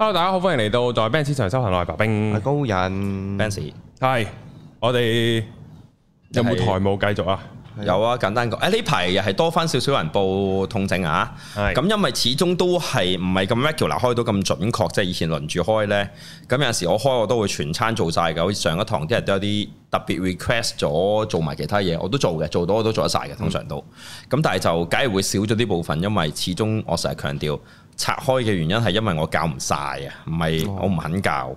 Hello 大家好，歡迎嚟到在 Benz 上修行。收我係白兵，係高人，Benz 係我哋有冇台務繼續啊？有啊，簡單講，誒呢排又係多返少少人報痛症啊。咁係，因為始終都係唔係咁 regular 啦，開到咁準確，即係以前輪住開呢。咁有陣時我開我都會全餐做晒嘅，好似上一堂啲人都有啲特別 request 咗做埋其他嘢，我都做嘅，做到我都做得晒嘅，通常都。咁、嗯、但係就梗係會少咗啲部分，因為始終我成日強調。拆開嘅原因係因為我教唔晒，啊，唔係我唔肯教，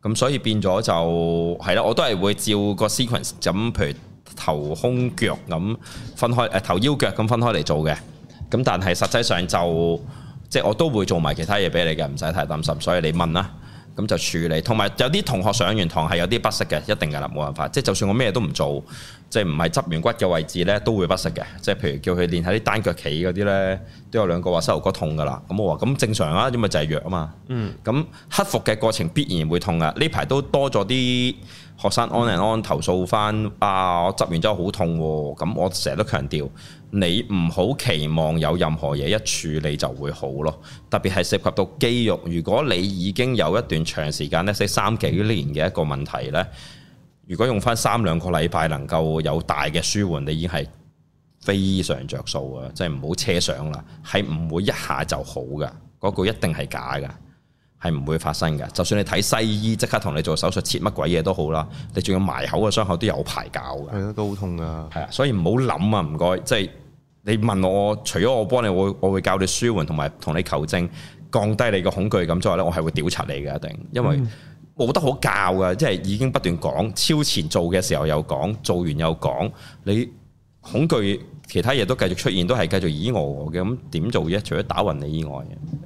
咁所以變咗就係啦，我都係會照個 sequence 咁，譬如頭、胸、腳咁分開，誒、啊、頭、腰、腳咁分開嚟做嘅，咁但係實際上就即係、即係、我都會做埋其他嘢俾你嘅，唔使太擔心，所以你問啦。嗯咁就處理，同埋有啲同學上完堂係有啲不適嘅，一定嘅啦，冇辦法。即係就算我咩都唔做，即係唔係執完骨嘅位置咧，都會不適嘅。即係譬如叫佢練下啲單腳企嗰啲咧，都有兩個話膝頭哥痛嘅啦。咁我話咁正常啊，因為就係弱啊嘛。嗯。咁克服嘅過程必然會痛啊！呢排都多咗啲學生安人安投訴翻啊！我執完之後好痛喎。咁我成日都強調。你唔好期望有任何嘢一處理就會好咯，特別係涉及到肌肉。如果你已經有一段長時間呢，即係三幾年嘅一個問題呢，如果用翻三兩個禮拜能夠有大嘅舒緩，你已經係非常着數啊！即係唔好奢想啦，係唔會一下就好嘅。嗰句一定係假嘅，係唔會發生嘅。就算你睇西醫，即刻同你做手術切乜鬼嘢都好啦，你仲要埋口嘅傷口都有排搞嘅。係啊，都好痛噶。係啊，所以唔好諗啊，唔該，即係。你問我，除咗我幫你，我我會教你舒緩，同埋同你求證，降低你個恐懼感之外咧，我係會調查你嘅一定，因為冇得好教嘅，即係已經不斷講，超前做嘅時候又講，做完又講你。恐懼，其他嘢都繼續出現，都係繼續以我我嘅咁點做嘅？除咗打暈你以外，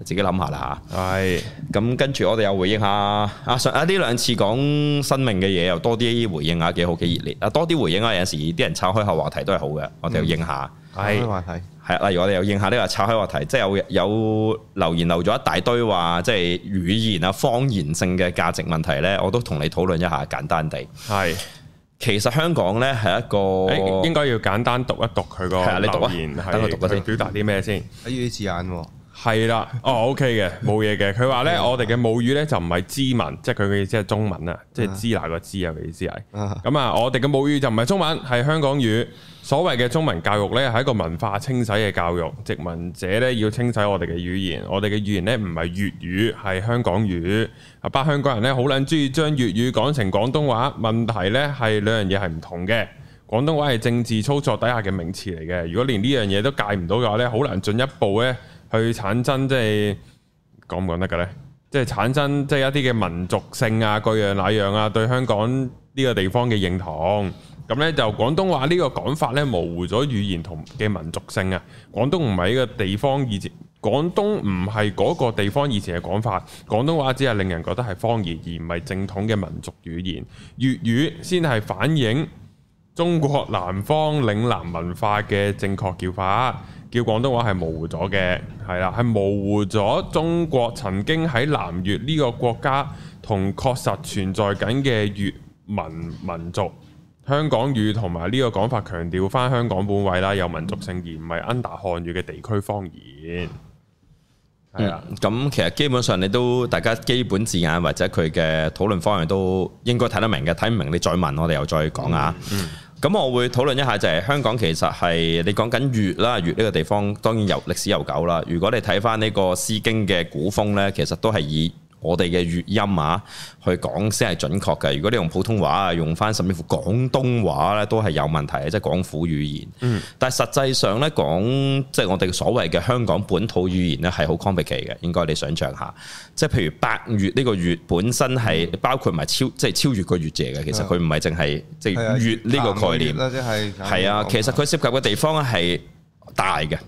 自己諗下啦吓，係。咁跟住我哋又回應下，阿阿呢兩次講生命嘅嘢又多啲回應下幾好幾熱烈啊！多啲回應下，有時啲人岔開下話題都係好嘅，我哋又應下。係。係啊，例如我哋又應下呢個岔開話題，即係有有留言留咗一大堆話，即係語言啊、方言性嘅價值問題咧，我都同你討論一下，簡單地係。其實香港呢係一個、欸，應該要簡單讀一讀佢個留言，等我、啊、讀嗰、啊、啲表達啲咩先。依啲字眼喎、哦。係啦，哦，OK 嘅，冇嘢嘅。佢話 呢， 我哋嘅母語呢就唔係 知文， 即係佢嘅意思係中文啊，即係知那個知啊嘅意思係咁啊。我哋嘅母語就唔係中文，係香港語。所謂嘅中文教育呢，係一個文化清洗嘅教育，殖民者呢要清洗我哋嘅語言，我哋嘅語言呢唔係粵語，係香港語啊。八香港人呢好撚鍾意將粵語講成廣東話，問題呢係兩樣嘢係唔同嘅。廣東話係政治操作底下嘅名詞嚟嘅。如果連呢樣嘢都戒唔到嘅話呢，好難進一步咧。去產生即係講唔講得嘅呢？即係產生即係一啲嘅民族性啊，各樣各樣啊，對香港呢個地方嘅認同。咁呢，就廣東話呢個講法呢，模糊咗語言同嘅民族性啊。廣東唔係一個地方以前，廣東唔係嗰個地方以前嘅講法。廣東話只係令人覺得係方言，而唔係正統嘅民族語言。粵語先係反映中國南方嶺南文化嘅正確叫法。叫廣東話係模糊咗嘅，係啦，係模糊咗中國曾經喺南越呢個國家同確實存在緊嘅粵民民族香港語同埋呢個講法，強調翻香港本位啦，有民族性而唔係 under 漢語嘅地區方言。嗯，咁其實基本上你都大家基本字眼或者佢嘅討論方向都應該睇得明嘅，睇唔明你再問我哋又再講啊。嗯嗯咁我會討論一下，就係香港其實係你講緊粵啦，粵呢個地方當然由歷史悠久啦。如果你睇翻呢個《詩經》嘅古風咧，其實都係以。我哋嘅粵音啊，去講先係準確嘅。如果你用普通話啊，用翻甚至乎廣東話咧，都係有問題啊，即係廣府語言。嗯。但係實際上咧，講即係、就是、我哋所謂嘅香港本土語言咧，係好 complicated 嘅。應該你想像下，即係譬如八月呢個月本身係包括埋超，即係超越個月謝嘅。的其實佢唔係淨係即係月呢個概念。越越越即係啊，其實佢涉及嘅地方係大嘅。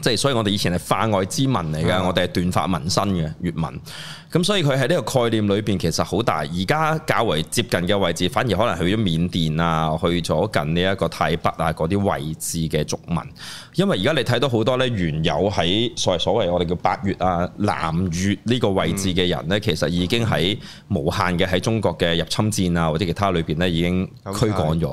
即係，所以我哋以前係化外之民嚟嘅。的我哋係斷髮文身嘅粵民，咁所以佢喺呢個概念裏邊其實好大。而家較為接近嘅位置，反而可能去咗緬甸啊，去咗近呢一個泰北啊嗰啲位置嘅族民。因為而家你睇到好多咧，原有喺所謂所謂我哋叫八月啊、南越呢個位置嘅人咧，其實已經喺無限嘅喺中國嘅入侵戰啊，或者其他裏邊咧已經驅趕咗。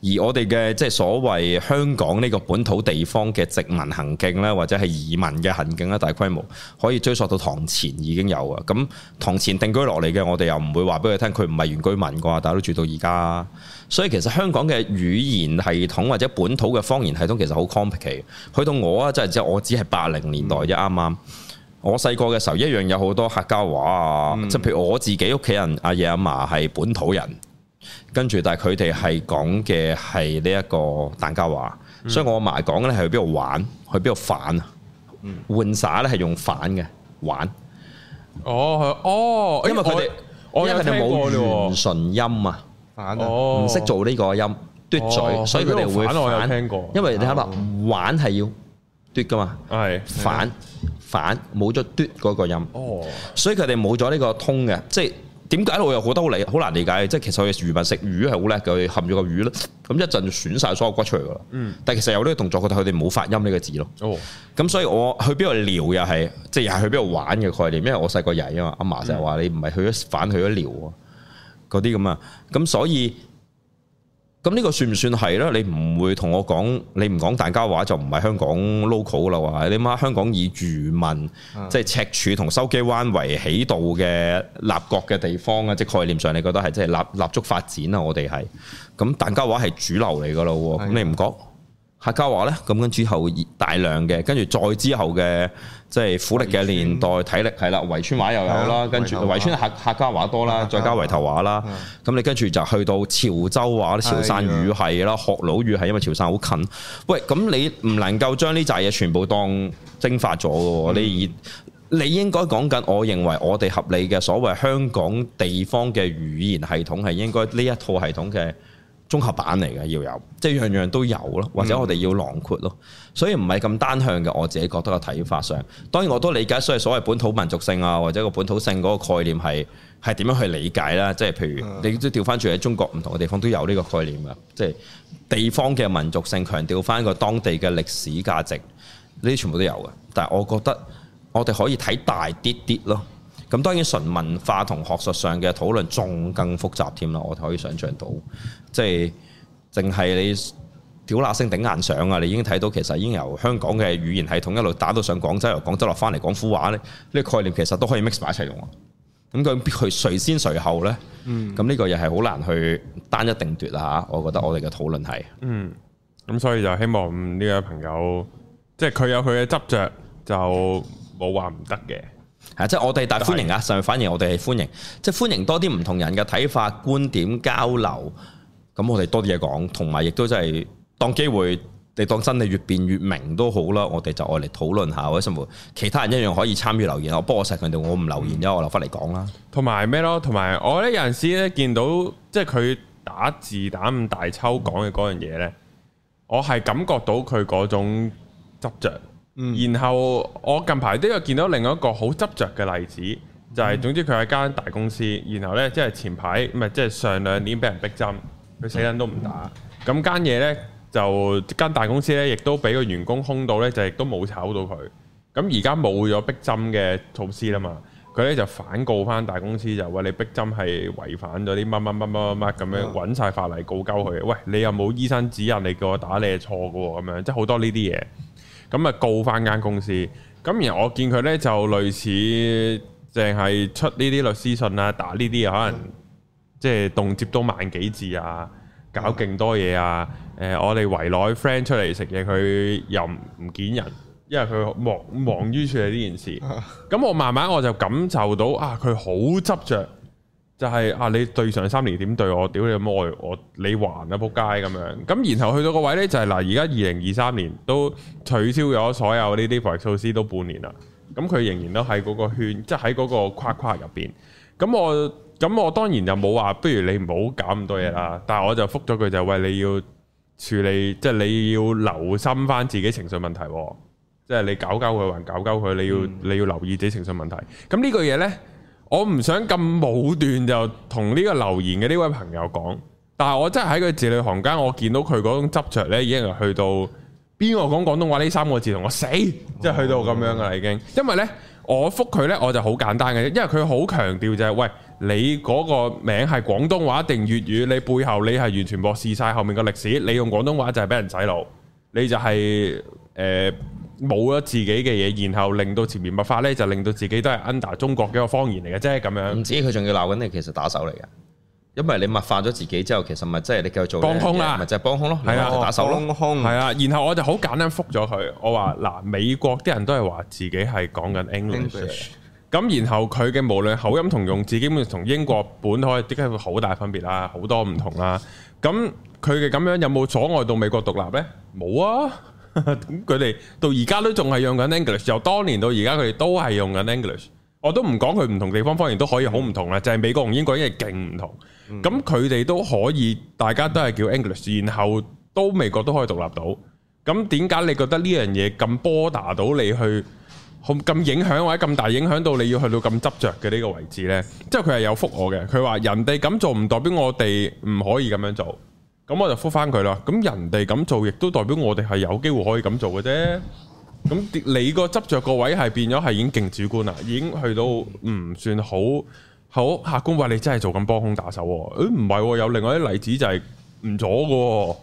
而我哋嘅即係所謂香港呢個本土地方嘅殖民行徑咧，或者係移民嘅行徑咧，大規模可以追溯到唐前已經有啊。咁唐前定居落嚟嘅，我哋又唔會話俾佢聽，佢唔係原居民啩，但係都住到而家啊。所以其實香港嘅語言系統或者本土嘅方言系統其實好 complicated。去到我啊，即係即係我只係八零年代啫，啱啱？我細個嘅時候一樣有好多客家話啊，即係、嗯、譬如我自己屋企人阿爺阿嫲係本土人，跟住但係佢哋係講嘅係呢一個疍家話，嗯、所以我阿嫲講嘅咧係去邊度玩，去邊度反啊？嗯、換耍咧係用反嘅玩哦。哦，哦，因為佢哋，我我我因為佢哋冇圓唇音啊。嗯唔識、啊、做呢個音，嘟嘴，哦、所以佢哋會反。反啊、我聽過因為你睇下、哦、玩係要嘟噶嘛，係、哦、反反冇咗嘟嗰個音。哦，所以佢哋冇咗呢個通嘅，即係點解我又好多好理好難理解即係其實我漁民食魚係好叻，佢含咗個魚咯，咁一陣就損晒所有骨出嚟噶啦。嗯、但係其實有呢個動作，覺得佢哋冇發音呢個字咯。哦，咁所以我去邊度撩又係，即係又係去邊度玩嘅概念，因為我細個曳啊嘛，阿嫲成日話你唔係去咗反，去咗撩。嗰啲咁啊，咁所以咁呢個算唔算係咧、嗯？你唔會同我講，你唔講疍家話就唔係香港 local 啦，喎係啲乜香港以漁民即係、就是、赤柱同筲箕灣為起度嘅立國嘅地方啊，即、就、係、是、概念上你覺得係即係立立足發展啊我？我哋係咁疍家話係主流嚟噶咯，咁的你唔覺？客家話咧，咁跟之後大量嘅，跟住再之後嘅即係苦力嘅年代，體力係啦村，圍村話又有啦，跟住、啊、著圍村客客家話多啦，啊、再加圍頭話啦，咁你跟住就去到潮州話、潮汕語系啦，哎、呀學佬語系，因為潮汕好近。喂，咁你唔能夠將呢扎嘢全部當蒸發咗嘅，嗯、你而你應該講緊，我認為我哋合理嘅所謂香港地方嘅語言系統係應該呢一套系統嘅。綜合版嚟嘅要有，即係樣樣都有咯，或者我哋要囊括咯，嗯、所以唔係咁單向嘅。我自己覺得個睇法上，當然我都理解，所以所謂本土民族性啊，或者個本土性嗰個概念係係點樣去理解啦？即係譬如你都調翻轉喺中國唔同嘅地方都有呢個概念㗎，即係地方嘅民族性強，強調翻個當地嘅歷史價值，呢啲全部都有嘅。但係我覺得我哋可以睇大啲啲咯。咁當然純文化同學術上嘅討論仲更複雜添啦，我可以想象到，即係淨係你屌辣聲頂硬上啊！你已經睇到其實已經由香港嘅語言系統一路打到上廣州，由廣州落翻嚟廣府話咧，呢、呢個概念其實都可以 mix 埋一齊用。咁佢佢誰先誰後咧？咁呢、嗯、個又係好難去單一定奪啊！嚇，我覺得我哋嘅討論係嗯，咁所以就希望呢位朋友，即係佢有佢嘅執着，就冇話唔得嘅。係， 即係我哋大歡迎啊！是上反應我哋係歡迎，即係歡迎多啲唔同人嘅睇法、觀點交流。咁我哋多啲嘢講，同埋亦都真係當機會，你當真理越變越明都好啦。我哋就愛嚟討論下或者什麼，其他人一樣可以參與留言。我幫我成群人，我唔留言，因為我留翻嚟講啦。同埋咩咯？同埋我咧有陣時咧見到即係佢打字打咁大抽講嘅嗰樣嘢咧，我係感覺到佢嗰種執著。嗯、然後我近排都有見到另外一個好執着嘅例子，就係、是、總之佢係間大公司，然後呢，即係前排唔係即係上兩年俾人逼針，佢死人都唔打。咁間嘢呢，就間大公司呢，亦都俾個員工兇到呢，就亦都冇炒到佢。咁而家冇咗逼針嘅措施啦嘛，佢呢就反告翻大公司，就話你逼針係違反咗啲乜乜乜乜乜乜咁樣，揾晒法例告鳩佢。嗯、喂，你又冇醫生指引你叫我打你，你係錯㗎喎，咁樣即係好多呢啲嘢。咁啊告翻間公司，咁而我見佢呢，就類似，淨係出呢啲律師信啦、啊，打呢啲可能即係動輒都萬幾字啊，搞勁多嘢啊！誒、嗯呃，我哋圍內 friend 出嚟食嘢，佢又唔見人，因為佢忙忙於處理呢件事。咁、嗯、我慢慢我就感受到啊，佢好執着。就係、是、啊！你對上三年點對我？屌你咁愛我，你還啊！仆街咁樣咁，然後去到個位呢、就是，就係嗱，而家二零二三年都取消咗所有呢啲防疫措施都半年啦。咁、嗯、佢仍然都喺嗰個圈，即係喺嗰個框框入邊。咁、嗯嗯、我咁我當然就冇話，不如你唔好搞咁多嘢啦。但係我就覆咗佢，就喂你要處理，即、就、係、是、你要留心返自己情緒問題、啊。即、就、係、是、你搞鳩佢還搞鳩佢，你要、嗯、你要留意自己情緒問題。咁呢個嘢呢。嗯嗯我唔想咁武斷就同呢個留言嘅呢位朋友講，但係我真係喺佢字裏行間，我見到佢嗰種執著呢，已經係去到邊個講廣東話呢三個字同我死，即係、哦、去到咁樣㗎啦已經。因為呢，我覆佢呢，我就好簡單嘅啫，因為佢好強調啫、就係。喂，你嗰個名係廣東話定粵語，你背後你係完全漠視晒後面嘅歷史，你用廣東話就係俾人洗腦，你就係、是、誒。呃冇咗自己嘅嘢，然後令到前面物化呢，就令到自己都係 under 中國嘅一個方言嚟嘅啫。咁樣唔知佢仲要鬧緊你，其實打手嚟嘅。因為你物化咗自己之後，其實咪即係你繼續做幫凶啦，咪、啊、就係幫凶咯。係啊，打手幫空。係啊。然後我就好簡單覆咗佢，我話嗱，美國啲人都係話自己係講緊 English，咁然後佢嘅無論口音同用字，基本上同英國本土，即係好大分別啦，好多唔同啦、啊。咁佢嘅咁樣有冇阻礙到美國獨立呢？冇啊。佢哋 到而家都仲係用緊 English，由當年到而家佢哋都係用緊 English。我都唔講佢唔同地方方言都可以好唔同啦，就係、是、美國同英國因為勁唔同。咁佢哋都可以，大家都係叫 English，然後都美國都可以獨立到。咁點解你覺得呢樣嘢咁波 o 到你去，咁影響者咁大影響到你要去到咁執着嘅呢個位置呢？即係佢係有覆我嘅，佢話人哋咁做唔代表我哋唔可以咁樣做。咁我就覆返佢啦。咁人哋咁做，亦都代表我哋係有機會可以咁做嘅啫。咁你個執着個位係變咗係已經勁主觀啦，已經去到唔算好好客觀話你真係做緊幫兇打手。誒，唔係，有另外一啲例子就係唔左嘅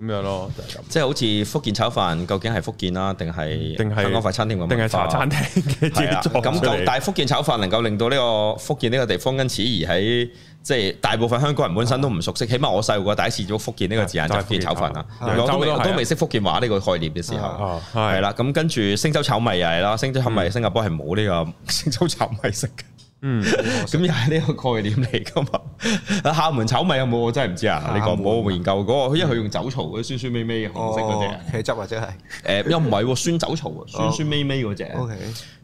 咁樣咯，就係咁，即係好似福建炒飯，究竟係福建啦是定係定係香港快餐廳咁，定係茶餐廳嘅咁，但係福建炒飯能夠令到呢個福建呢個地方因此而喺。即係大部分香港人本身都唔熟悉，起碼我細個第一次做福建呢個字眼就福建炒飯啦，我都未識福建話呢個概念嘅時候，係啦，咁跟住星洲炒米又係啦，星洲炒米新加坡係冇呢個星洲炒米食嘅，嗯，咁又係呢個概念嚟㗎嘛？喺廈門炒米有冇？我真係唔知啊，你講冇，我研究過，因為佢用酒槽嘅酸酸味味嘅，紅色嗰隻汁或者係誒，又唔係酸酒槽酸酸味味嗰隻。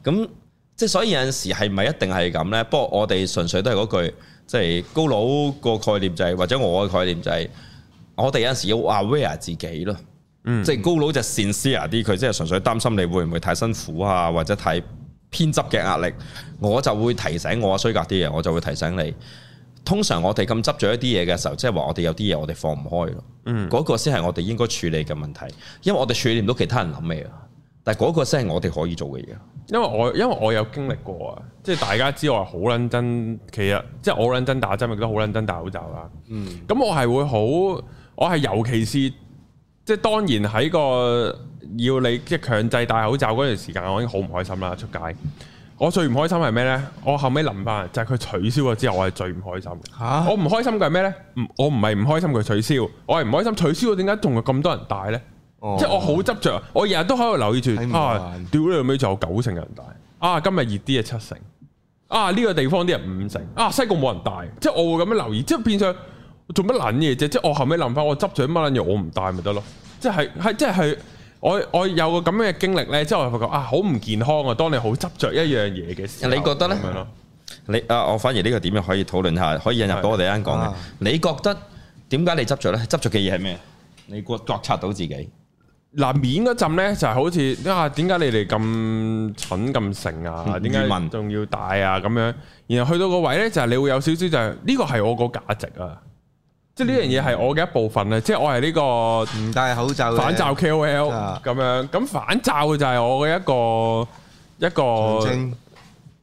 咁即係所以有陣時係唔係一定係咁咧？不過我哋純粹都係嗰句。即係高佬個概念就係，或者我嘅概念就係，我哋有陣時要 aware 自己咯。嗯，即係高佬就 sincere 啲，佢即係純粹擔心你會唔會太辛苦啊，或者太偏執嘅壓力。我就會提醒我衰格啲嘢，我就會提醒你。通常我哋咁執著一啲嘢嘅時候，即係話我哋有啲嘢我哋放唔開咯。嗯，嗰個先係我哋應該處理嘅問題，因為我哋處理唔到其他人諗咩啊。但係嗰個先係我哋可以做嘅嘢。因為我因為我有經歷過啊，即係大家知我係好撚真，其實即係、就是、我撚真打針，亦都好撚真戴口罩啦。嗯，咁我係會好，我係尤其是即係當然喺個要你即係強制戴口罩嗰段時間，我已經好唔開心啦出街。我最唔開心係咩呢？我後尾諗翻，就係、是、佢取消咗之後，我係最唔開心嘅。嚇、啊！我唔開心嘅係咩呢？唔，我唔係唔開心佢取消，我係唔開心取消咗點解仲有咁多人戴呢？哦、即係我好執着，我日日都喺度留意住不啊！屌你老味仲有九成人帶，啊今日熱啲係七成，啊呢、這個地方啲人五成，啊西貢冇人帶，即係我會咁樣留意，即係變相做乜撚嘢啫？即係我後尾諗翻，我執着乜撚嘢，我唔帶咪得咯？即係係即係我我有個咁樣嘅經歷咧，即係我發覺啊好唔健康啊！當你好執着一樣嘢嘅時候，你覺得咧？你啊，我反而呢個點樣可以討論下，可以引入到我哋啱講嘅。的你覺得點解你執着咧？執着嘅嘢係咩？你覺覺察到自己。嗱面嗰陣咧就係好似啊，點解你哋咁蠢咁成啊？點解民眾要戴啊？咁樣，然後去到個位咧就係你會有少少就係呢個係我個價值啊！即係呢樣嘢係我嘅一部分咧，即係我係呢個唔戴口罩反罩 K O L 咁樣，咁反罩嘅就係我嘅一個一個，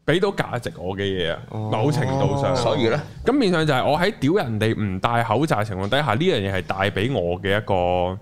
俾到價值我嘅嘢啊！某程度上，所以咧，咁面上就係我喺屌人哋唔戴口罩情況底下，呢樣嘢係帶俾我嘅一個。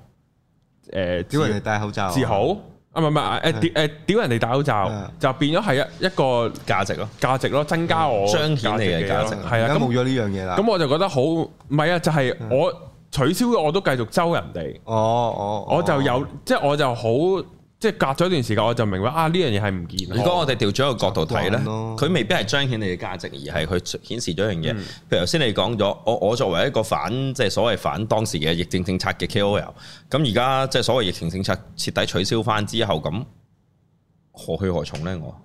誒屌、呃、人哋戴口罩，自豪好啊，唔係唔係誒屌誒屌人哋戴口罩，是的 就變咗係一一個價值咯，價值咯，增加我彰顯嚟嘅價值，係啊，咁冇咗呢樣嘢啦，咁的、嗯、我就覺得好唔係啊，就係、是、我取消咗我都繼續揪人哋，哦哦，我就有即係、哦、我就好。哦就即係隔咗一段時間，我就明白啊！呢樣嘢係唔見。如果我哋調咗一個角度睇咧，佢未必係彰顯你嘅價值，而係佢顯示咗樣嘢。嗯、譬如頭先你講咗，我我作為一個反，即係所謂反當時嘅疫症政策嘅 KOL，咁而家即係所謂疫情政策徹底取消翻之後，咁何去何從咧？我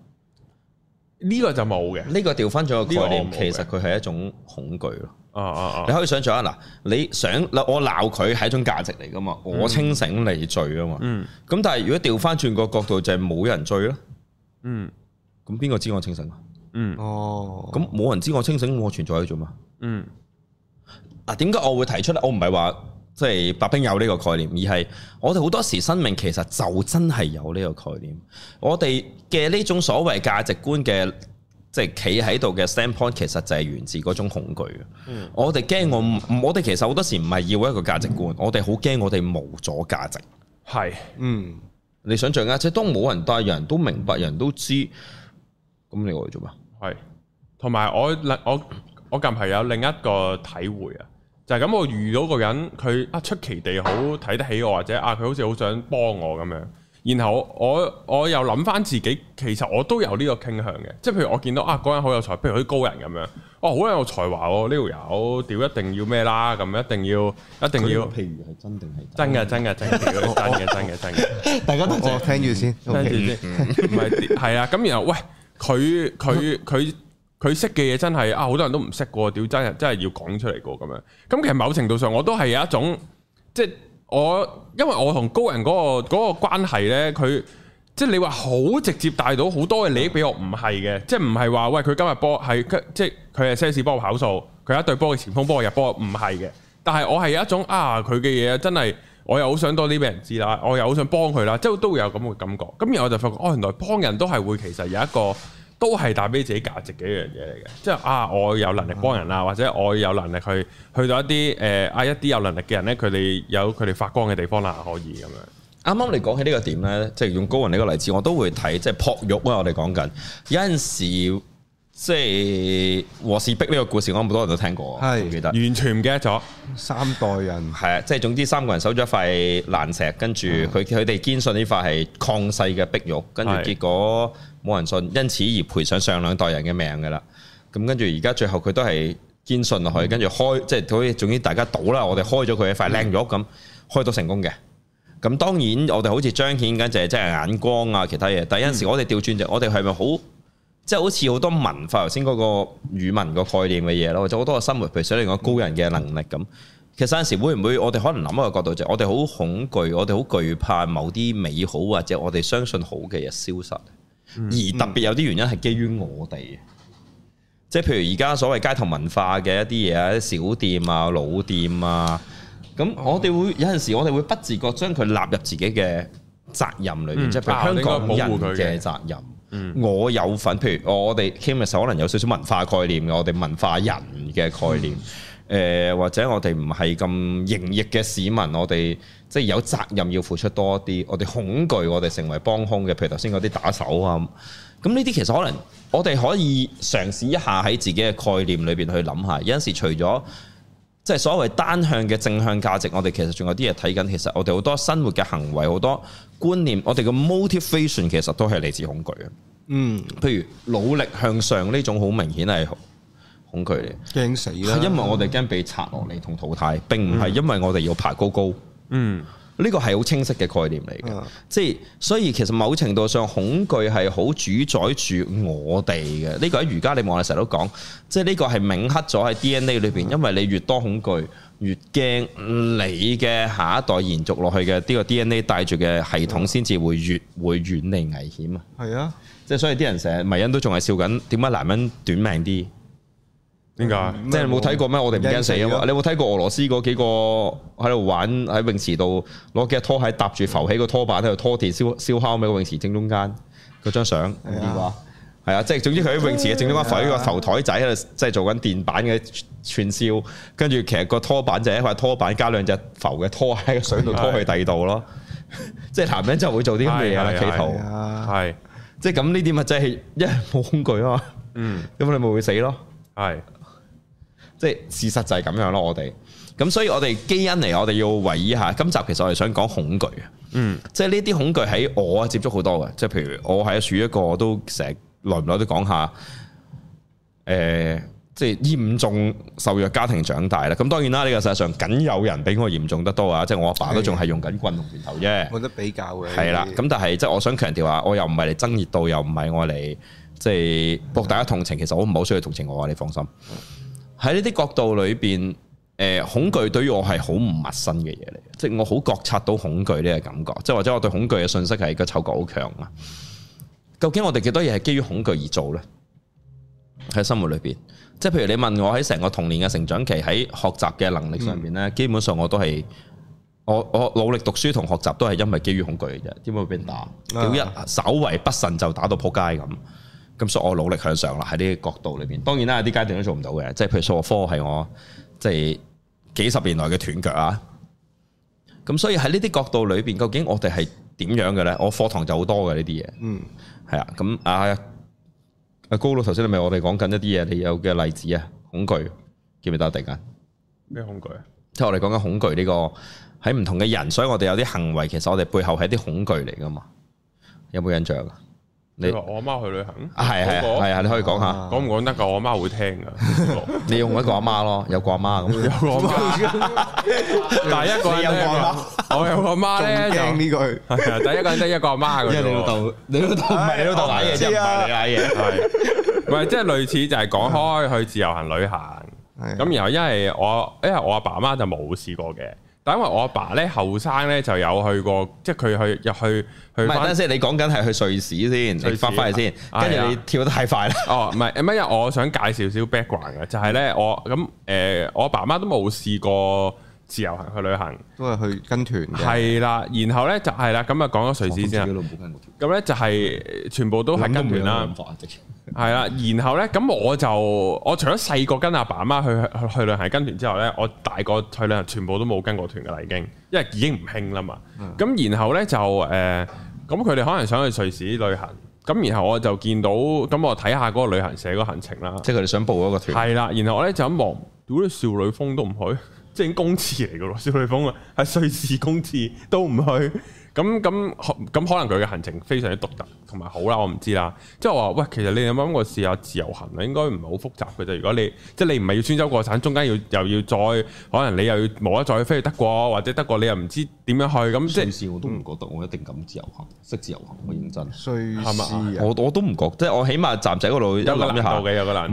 呢個就冇嘅。呢個調翻咗個概念，哦、其實佢係一種恐懼咯。哦哦哦！你可以想象啊，嗱，oh, oh, oh. 你想我鬧佢係一種價值嚟噶嘛？嗯、我清醒你醉啊嘛。嗯。咁但係如果調翻轉個角度就係冇人醉啦。嗯。咁邊個知我清醒啊？嗯。哦。咁冇人知我清醒，我存在喺做咩？嗯。嗱，點解我會提出咧？我唔係話即係白兵有呢個概念，而係我哋好多時生命其實就真係有呢個概念。我哋嘅呢種所謂價值觀嘅。即係企喺度嘅 standpoint，其實就係源自嗰種恐懼。嗯，我哋驚我我哋其實好多時唔係要一個價值觀，嗯，我哋好驚我哋無咗價值。係，嗯，你想象啊，即係當冇人，但係人都明白，人都知，咁你為做咩？係，同埋我我我近排有另一個體會啊，就係咁，我遇到個人，佢啊出奇地好睇得起我，或者啊佢好似好想幫我咁樣。然後我我又諗翻自己，其實我都有呢個傾向嘅，即係譬如我見到啊嗰個人好有才，譬如啲高人咁樣，哦好有才華喎，呢度有，屌一定要咩啦，咁一定要一定要。定要譬如係真定係真嘅，真嘅，真嘅，真嘅， 真嘅，大家都正。聽住先，嗯、聽住先，唔係、嗯，係啊，咁是 然後喂，佢佢佢佢識嘅嘢真係啊，好多人都唔識過，屌真係真係要講出嚟過咁樣。咁其實某程度上我都係有一種即係。就是我，因為我同高人嗰個嗰個關係咧，佢即係你話好直接帶到好多嘅利益俾我，唔係嘅，即係唔係話喂佢今日波係即係佢係 sales 幫我跑數，佢一對波嘅前鋒幫我入波，唔係嘅。但係我係有一種啊，佢嘅嘢真係我又好想多啲俾人知啦，我又好想，想幫佢啦，即係都會有咁嘅感覺。咁然後我就發覺，哦原來幫人都係會其實有一個。都係帶俾自己價值嘅一樣嘢嚟嘅，即係啊，我有能力幫人啊，或者我有能力去去到一啲誒啊一啲有能力嘅人咧，佢哋有佢哋發光嘅地方啦，可以咁樣。啱啱你講起呢個點咧，即係、嗯、用高雲呢個例子，我都會睇、就是，即係璞玉啊！我哋講緊有陣時，即係和氏璧呢個故事，我諗好多人都聽過，係是記得完全唔記得咗。三代人係啊，即係、就是、總之三個人守咗塊爛石，跟住佢佢哋堅信呢塊係曠世嘅碧玉，跟住結果。冇人信，因此而賠上上兩代人嘅命嘅啦。咁跟住而家最後佢都係堅信落去，跟住開即係可以總之大家賭啦，我哋開咗佢一塊靚玉咁，開到成功嘅。咁當然我哋好似彰顯緊就係即係眼光啊，其他嘢。但係有陣時我哋掉轉就，我哋係咪好即係好似好多文化頭先嗰個語文個概念嘅嘢咯，或者好多個生活譬如想令講高人嘅能力咁。其實有陣時會唔會我哋可能諗一個角度就我哋好恐懼，我哋好懼怕某啲美好或者我哋相信好嘅嘢消失。而特別有啲原因係基於我哋，嗯、即係譬如而家所謂街頭文化嘅一啲嘢啊，小店啊、老店啊，咁我哋會、哦、有陣時，我哋會不自覺將佢納入自己嘅責任裏面，嗯、即係譬如香港人嘅責任，啊、我有份。譬如我哋 chemist 可能有少少文化概念嘅，我哋文化人嘅概念。嗯嗯誒、呃、或者我哋唔係咁營業嘅市民，我哋即係有責任要付出多啲。我哋恐懼我哋成為幫兇嘅，譬如頭先嗰啲打手啊。咁呢啲其實可能我哋可以嘗試一下喺自己嘅概念裏邊去諗下。有陣時除咗即係所謂單向嘅正向價值，我哋其實仲有啲嘢睇緊。其實我哋好多生活嘅行為、好多觀念，我哋嘅 motivation 其實都係嚟自恐懼嘅。嗯，譬如努力向上呢種好明顯係。恐懼，驚死啦！因為我哋驚被拆落嚟同淘汰，嗯、並唔係因為我哋要爬高高。嗯，呢個係好清晰嘅概念嚟嘅。即係、嗯，所以其實某程度上恐懼係好主宰住我哋嘅。呢、這個喺瑜伽，你望下成日都講，即係呢個係銘刻咗喺 DNA 裏邊。因為你越多恐懼，越驚你嘅下一代延續落去嘅呢個 DNA 帶住嘅系統，先至會越會遠離危險啊！係啊、嗯，即係、嗯、所以啲人成日迷因都仲係笑緊，點解男人短命啲？點解？即係你冇睇過咩？我哋唔驚死啊嘛！你有冇睇過俄羅斯嗰幾個喺度玩，喺泳池度攞幾隻拖鞋搭住浮起個拖板喺度拖電燒燒烤咩？泳池正中間嗰張相有啲啩？係啊，即係、啊、總之佢喺泳池嘅正中間浮起個浮台仔喺度，即係做緊電板嘅串燒。跟住其實個拖板就係一塊拖板加兩隻浮嘅拖鞋喺個水度拖去第二度咯。啊啊啊啊啊、即係男人就會做啲咁嘅嘢，企圖係。即係咁呢啲咪真係一冇工具啊嘛。嗯，咁你咪會死咯。係、啊。即係事實就係咁樣咯，我哋咁所以我，我哋基因嚟，我哋要維依下。今集其實我哋想講恐懼啊，嗯，即係呢啲恐懼喺我接觸好多嘅，即係譬如我係屬於一個都成日，耐唔耐都講下，誒、呃，即係嚴重受虐家庭長大啦。咁當然啦，呢、這個事實上，僅有人比我嚴重得多啊！即係我阿爸，爸都仲係用緊棍同拳頭啫，冇得比較嘅。係啦，咁但係即係我想強調下，我又唔係嚟爭熱度，又唔係我嚟即係博大家同情。其實我唔係好需要同情我，你放心。喺呢啲角度裏邊，誒，恐懼對於我係好唔陌生嘅嘢嚟，即係我好覺察到恐懼呢個感覺，即係或者我對恐懼嘅信息係個嗅覺好強啊。究竟我哋幾多嘢係基於恐懼而做咧？喺生活裏邊，即係譬如你問我喺成個童年嘅成長期，喺學習嘅能力上面咧，嗯、基本上我都係，我我努力讀書同學習都係因為基於恐懼嘅啫，點解會俾人打？只、啊、一稍為不慎就打到仆街咁。咁所以我努力向上啦，喺呢個角度裏邊，當然啦，有啲階段都做唔到嘅，即係譬如數學科係我即係幾十年來嘅斷腳啊。咁所以喺呢啲角度裏邊，究竟我哋係點樣嘅咧？我課堂就好多嘅呢啲嘢，嗯，係啊。咁阿阿高老師你咪我哋講緊一啲嘢，你有嘅例子啊，恐懼記唔記得？突然間咩恐懼啊？即係我哋講緊恐懼呢個喺唔同嘅人，所以我哋有啲行為，其實我哋背後係一啲恐懼嚟噶嘛？有冇印象啊？你話我阿媽去旅行，係係係啊，你可以講下，講唔講得噶？我阿媽會聽噶。你用一個阿媽咯，有個阿媽咁。有個阿媽，但係一個咧，我有個阿媽咧就呢句。係啊，第一個人得一個阿媽嘅。你老豆，你老豆唔係你老豆嚟嘅，唔係你家嘢。係，唔係即係類似就係講開去自由行旅行，咁然後因為我，因為我阿爸阿媽就冇試過嘅。咁因為我阿爸咧後生咧就有去過，即係佢去入去去。唔係，等先，你講緊係去瑞士先，士先去法法先。跟住你跳得太快啦。的 哦，唔係，乜咩呀？我想介紹少 background 嘅，就係、是、咧我咁誒、呃，我爸，爸媽，媽都冇試過。自由行去旅行都係去跟團。係啦，然後呢就係啦，咁啊講咗瑞士之後，咁咧就係、是、全部都係跟團啦。係啦，了 然後呢咁我就我除咗細個跟阿爸阿媽，媽去去旅行跟團之後呢，我大個去旅行全部都冇跟過團㗎喇，已經，因為已經唔興啦嘛。咁、嗯、然後呢就誒，咁佢哋可能想去瑞士旅行，咁然後我就見到咁我睇下嗰個旅行社個行程啦，即係佢哋想報嗰個團。係啦，然後呢我呢就一望，如果少女峰都唔去。正公廁嚟㗎咯，少女峯啊，喺瑞士公廁都唔去。 咁咁咁可能佢嘅行程非常之獨特，同埋好啦，我唔知啦。即係話喂，其實你，你有冇諗過試下自由行啊？應該唔係好複雜嘅啫。如果你即係、就是、你唔係要穿州過省，中間要又要再可能你又要冇得再飛去德國，或者德國你又唔知點樣去咁。即係我都唔覺得我一定敢自由行，識自由行我認真。係嘛，我我都唔覺，即係我起碼站仔嗰度一諗一下，唔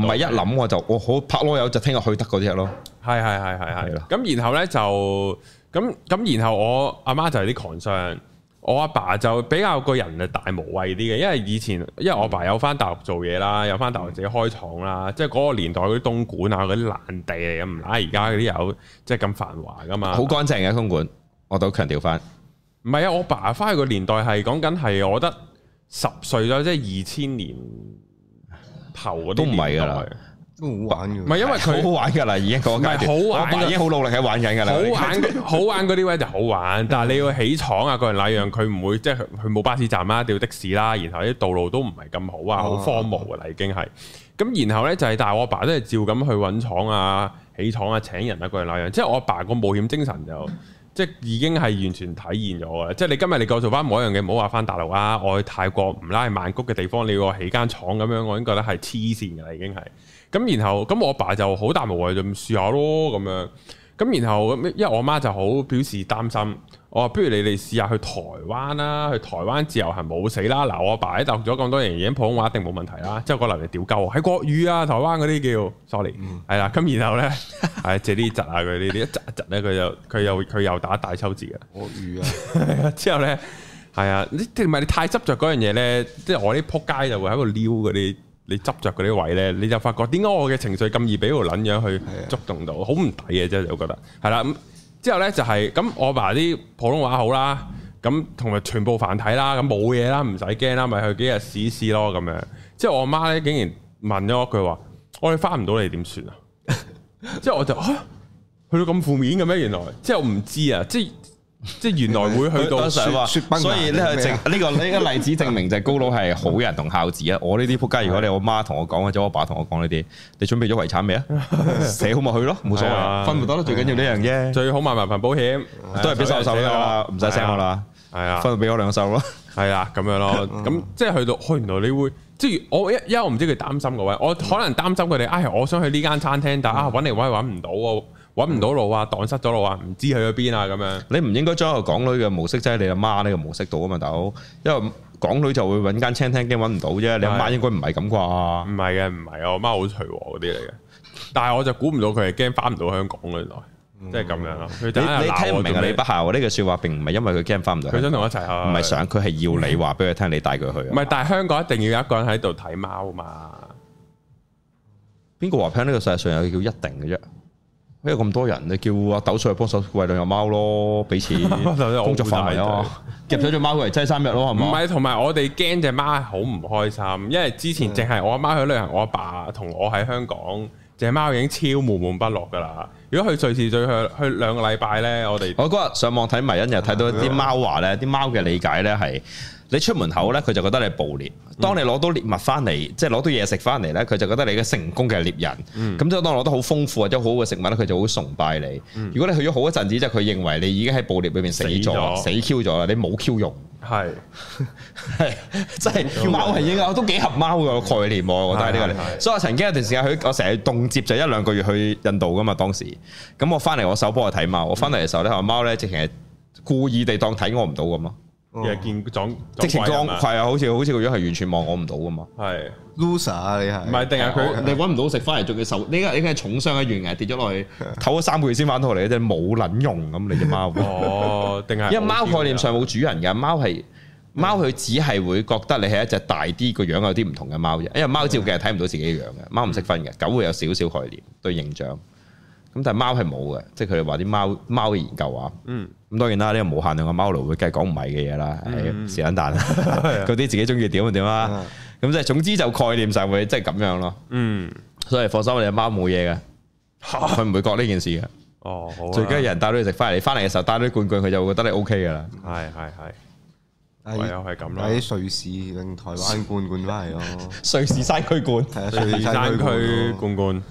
係一諗我就我好拍拖有就聽日去德國啲咯。係係係係係。咁然後咧就咁咁，然後 hust la 我阿媽就係啲狂商。我阿爸就比較個人誒大無畏啲嘅，因為以前因為我爸有翻大陸做嘢啦，有翻大陸自己開廠啦，即係嗰個年代嗰啲東莞啊嗰啲爛地嚟嘅，唔拉而家嗰啲有即係咁繁華噶嘛，好乾淨嘅東莞，我都強調翻，唔係啊，我爸翻去個年代係講緊係我得十歲咗，即係二千年頭嗰啲，都唔係㗎喇。唔係是因為佢好玩㗎啦，已經嗰個階段，我已經好努力喺玩緊㗎啦。好玩,玩好玩嗰啲位就好玩，但係你要起廠啊，嗰 人那樣，佢唔會即係佢冇巴士站啦，要的士啦，然後啲道路都唔係咁好啊，好荒蕪㗎啦，已經係。咁然後呢，就係但係我爸都係照咁去揾廠啊、起廠啊、請人啊嗰人那樣，即係我爸個冒險精神就 即係已經係完全體現咗嘅。即係你今日你講做翻一樣嘢，唔好話翻大陸啊，我去泰國唔拉曼谷嘅地方你要我起間廠咁樣，我已經覺得係黐線㗎啦，已經係。咁然後咁我阿爸就好大無畏就試下咯咁樣，咁然後因為我媽就好表示擔心，我話不如你哋試下去台灣啦，去台灣自由行冇死啦。嗱，我阿爸喺大陸咗咁多年已經普通話一定冇問題啦。之後嗰男嘅屌鳩喺國語啊，台灣嗰啲叫，sorry，係啦、嗯。咁然後咧係借啲窒啊，佢啲啲一窒一窒咧，佢又佢又佢又打大抽字啊。國語啊。 之後咧係啊，你唔係你太執着嗰樣嘢咧，即係我啲撲街就會喺度撩嗰啲。你執着嗰啲位咧，你就發覺點解我嘅情緒咁易俾條撚樣去觸動到，好唔抵嘅啫，我覺得。係啦、嗯，之後咧就係、是、咁，我爸啲普通話好啦，咁同埋全部繁體啦，咁冇嘢啦，唔使驚啦，咪去幾日試一試咯，咁樣。之後我媽咧，竟然問咗一句話：我哋翻唔到你點算啊？ 之後我就去到咁負面嘅咩？原來之後，即係我唔知啊，即係。即係原來會去到雪崩，所以呢個證呢個呢個例子證明就係高佬係好人同孝子啊！我呢啲仆街，如果你我媽同我講或者我爸同我講呢啲，你準備咗遺產未啊？寫好咪去咯，冇所謂，分唔到都最緊要呢樣啫。最好買埋份保險，都係俾手手啦，唔使寫我啦，係啊，分俾我兩手咯，係啊，咁樣咯，咁即係去到，哦，原來你會，即係我因為我唔知佢擔心個位，我可能擔心佢哋，唉，我想去呢間餐廳，但係啊，搵嚟搵又搵唔到。搵唔到路啊，蕩失咗路啊，唔知去咗邊啊，咁樣。你唔應該將一個港女嘅模式即係你阿媽呢個模式度啊嘛，大佬。因為港女就會揾間餐廳驚揾唔到啫，你阿媽應該唔係咁啩？唔係嘅，唔係我阿媽好隨和嗰啲嚟嘅。但係我就估唔到佢係驚翻唔到香港原來，即係咁樣。嗯、你你聽唔明、啊、你不孝呢個説話並唔係因為佢驚翻唔到，佢想同我一齊嚇，唔係想佢係要你話俾佢聽，嗯、你帶佢去。唔係，但係香港一定要一有一個人喺度睇貓嘛？邊個話喺呢個世界上有叫一定嘅啫？因咁多人，你叫阿豆上去幫手餵兩隻貓咯，俾錢 對工作範圍、就是、 咯，夾唔使隻貓過嚟擠三日咯，係嘛？唔係，同埋我哋驚隻貓好唔開心，因為之前淨係我阿媽去旅行，我阿爸同我喺香港，隻貓已經超悶悶不樂噶啦。如果佢隨時，最去去兩個禮拜咧，我哋我嗰日上網睇埋，因又睇到啲貓話咧，啲貓嘅理解咧係。你出門口咧，佢就覺得你係捕獵。當你攞到獵物翻嚟，即係攞到嘢食翻嚟咧，佢就覺得你嘅成功嘅獵人。咁、嗯、就係當攞得好豐富或者好嘅食物咧，佢就好崇拜你。嗯、如果你去咗好一陣子，就佢認為你已經喺捕獵裏邊死咗、死 Q 咗啦。你冇 Q 用，係即係貓係應該都幾合貓嘅概念、啊，我覺得係呢個嚟。所以我曾經有一段時間去，我成日動輒就一兩個月去印度噶嘛。當時咁我翻嚟，我手波去睇貓。我翻嚟嘅時候咧，話貓咧直情係故意地當睇我唔到咁咯。日見裝，直情裝愧啊！好似好似個樣係完全望我唔到噶嘛。係 loser 是你係是，唔係定係佢？你搵唔到食，翻嚟仲要受？呢家呢家係重傷嘅懸崖跌咗落去，唞咗三個月先翻到嚟，真係冇撚用咁。你隻貓哦，定係？因為貓概念上冇主人嘅，貓係 貓，佢只係會覺得你係一隻大啲個樣有啲唔同嘅貓啫。因為貓照鏡睇唔到自己嘅樣嘅，貓唔識分嘅，狗會有少少概念對形象。咁但係貓係冇嘅，即係佢哋話啲貓貓嘅研究啊，咁、嗯、當然啦，呢、呢個無限量嘅貓奴會梗係講唔係嘅嘢啦，嗯、時間彈，佢啲、嗯、 自己中意點就點啦，咁即係總之就概念上會即係咁樣咯，嗯、所以放心，你隻貓冇嘢嘅，佢唔哈會覺呢件事嘅，哦，最緊要人帶到你食翻嚟，翻嚟嘅時候帶到啲罐罐，佢就會覺得你 OK 嘅啦，係係係。係又係咁啦，喺瑞士定台灣罐罐翻嚟咯？瑞士山區罐，瑞士山區罐罐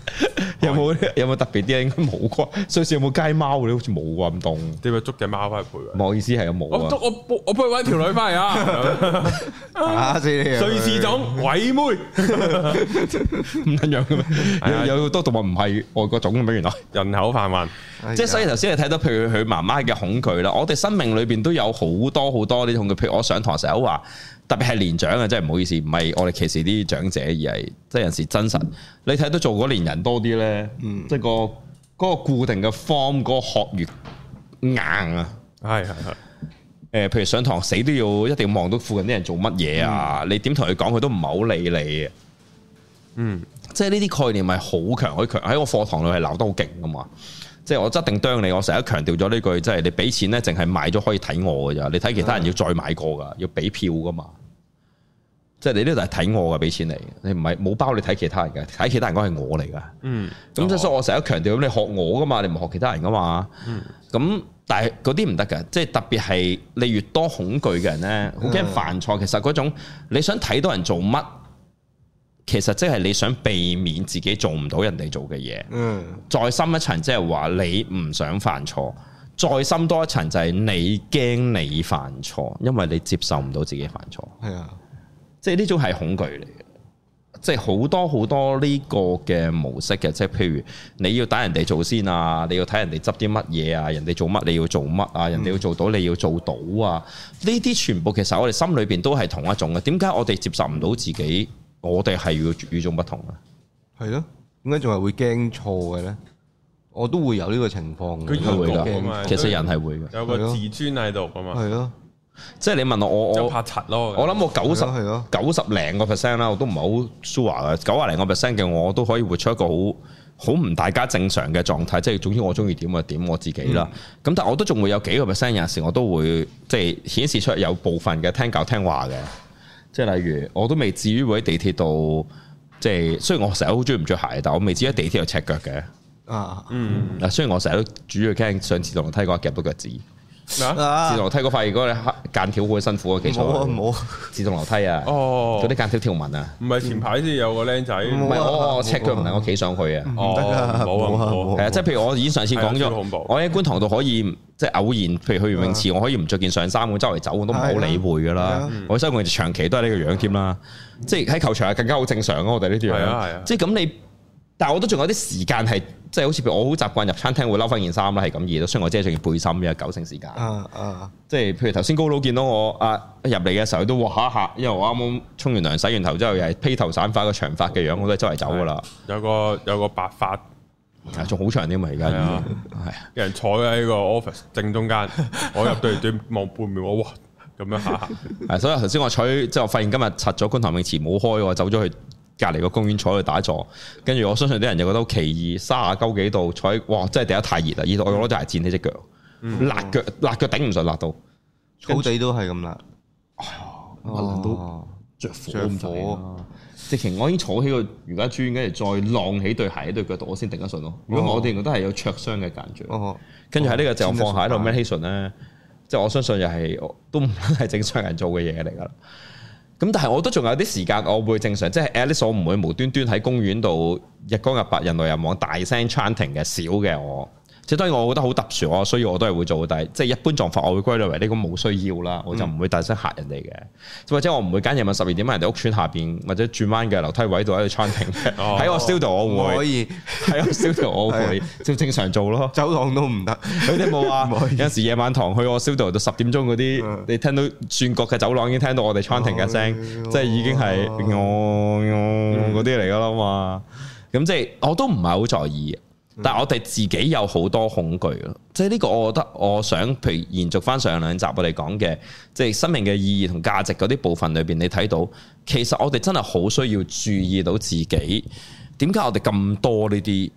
有冇有冇特別啲啊？應該冇啩？瑞士有冇街貓嗰啲？你好似冇咁凍。點解捉隻貓翻去陪佢？唔好意思，係咁冇啊！我我我幫佢搵條女翻嚟啊！吓死你！瑞士種鬼妹，唔一樣嘅咩？有有好多動物唔係外國種嘅咩？原來人口販賣，即係所以頭先你睇到，譬如佢媽媽嘅恐懼啦，我哋生命裏邊都有好多好多啲恐懼。譬如我。上堂成日話，特別係年長嘅，真係唔好意思，唔係我哋歧視啲長者而，而係即係有時真實。嗯、你睇到做嗰年人多啲咧，嗯、即係、嗰個、嗰個固定嘅 form，個學語硬啊，係係係。誒、呃，譬如上堂死都要一定要望到附近啲人做乜嘢啊，嗯、你點同佢講，佢都唔係好理你嘅。嗯，即係呢啲概念咪好強，好強喺我課堂裏係鬧得好勁噶嘛。即係我一定啄你，我成日都強調咗呢句，即係你俾錢咧，淨係買咗可以睇我㗎咋，你睇其他人要再買過噶，要俾票噶嘛。即係你呢度係睇我㗎，俾錢嚟，你唔係冇包你睇其他人㗎，睇其他人嗰係我嚟㗎。嗯，咁即所以我成日強調咁，你學我㗎嘛，你唔學其他人㗎嘛。咁、嗯、但係嗰啲唔得㗎，即係特別係你越多恐懼嘅人咧，好驚犯錯。嗯、其實嗰種你想睇到人做乜？其實即係你想避免自己做唔到人哋做嘅嘢，嗯，再深一層即係話你唔想犯錯，再深多一層就係你驚你犯錯，因為你接受唔到自己犯錯，係啊、嗯，即係呢種係恐懼嚟嘅。即係好多好多呢個嘅模式嘅，即係譬如你要等人哋做先啊，你要睇人哋執啲乜嘢啊，人哋做乜你要做乜啊，人哋要做到你要做到啊，呢啲、嗯、全部其實我哋心裏面都係同一種嘅，點解我哋接受唔到自己？我哋係要與眾不同嘅，係咯，點解仲係會驚錯嘅咧？我都會有呢個情況嘅，會其實人係會嘅，對有個自尊喺度咁嘛。係咯對，即係的你問我，我即係怕柒咯。我諗我九十九十零個 percent 啦，我都唔係好 sure 嘅。九十零個 percent 嘅我都可以活出一個好好唔大家正常嘅狀態。即、就、係、是、總之我中意點就點我自己啦。咁、嗯、但係我都仲會有幾個 percent 有陣時，我都會即係、就是、顯示出有部分嘅聽教聽話嘅。即係例如，我都未至於會喺地鐵度，即係雖然我成日好中意唔着鞋，但係我未至於喺地鐵度赤腳嘅。啊，嗯，雖然我成日都主要傾上次同你睇過夾到腳趾。自動樓梯嗰塊，如果你黑間條會辛苦啊，幾錯啊！自動樓梯啊，哦，啲間條條紋啊，唔係前排先有個僆仔，唔係我赤腳唔係我企上去啊，唔得啊，冇啊，即係譬如我已經上次講咗恐怖，我喺觀塘度可以即係偶然，譬如去游泳池，我可以唔着件上衫，我周圍走我都唔好理會噶啦，我所以我長期都係呢個樣添啦，即係喺球場更加好正常啊，我哋呢啲樣，即係咁你，但我都仲有啲時間係。即係好似我好習慣入餐廳會嬲翻件衫啦，係咁易咯。雖然我遮住件背心嘅九成時間。啊啊！啊即係譬如頭先高佬見到我啊入嚟嘅時候，都嚇一嚇，因為我啱啱沖完涼、洗完頭之後，又係披頭散髮個長髮嘅樣，我都係周圍走噶啦。有個有個白髮仲好長添啊！而家係啊，有人坐喺個 office 正中間， 我入到嚟對望半秒，哇！咁樣嚇嚇。 所以頭先我取，之係我發現今日拆咗個觀塘泳池冇開喎，我走咗去。隔離個公園坐喺度打坐，跟住我相信啲人就覺得好奇異，卅鳩幾度坐喺，哇！真係第一太熱啦，而我攞對鞋墊起隻腳，辣腳辣腳，頂唔順辣到，草地、哦、都係咁辣，我辣到着火咁滯。直情我已經坐起個瑜伽磚，跟住再晾起對鞋喺對腳度，我先頂得順咯。如果我哋應該都係有灼傷嘅感覺。跟住喺呢個時候放鞋喺度 main 咧，即係我相信又係都唔係正常人做嘅嘢嚟噶啦。咁但係我都仲有啲時間，我會正常，即係 at least 我唔會無端端喺公園度，日光日白，人來人往，大聲 chanting 嘅少嘅我。即係當然，我覺得好特殊，我需要我都係會做，但係即係一般狀況，我會歸類為呢個冇需要啦，我就唔會大然間嚇人哋嘅，或者我唔會揀夜晚十二點，人哋屋村下邊或者轉彎嘅樓梯位度喺度 t r d i n 喺我消毒我會可以，喺我消我會正正常做咯，走廊都唔得，你聽冇啊？有陣時夜晚堂去我消毒到十點鐘嗰啲，你聽到轉角嘅走廊已經聽到我哋餐 r 嘅聲，即係已經係我嗰啲嚟噶啦嘛，咁即係我都唔係好在意。但係我哋自己有好多恐懼咯，即係呢個我覺得我想，譬如延續翻上兩集我哋講嘅，即係生命嘅意義同價值嗰啲部分裏邊，你睇到其實我哋真係好需要注意到自己，點解我哋咁多呢啲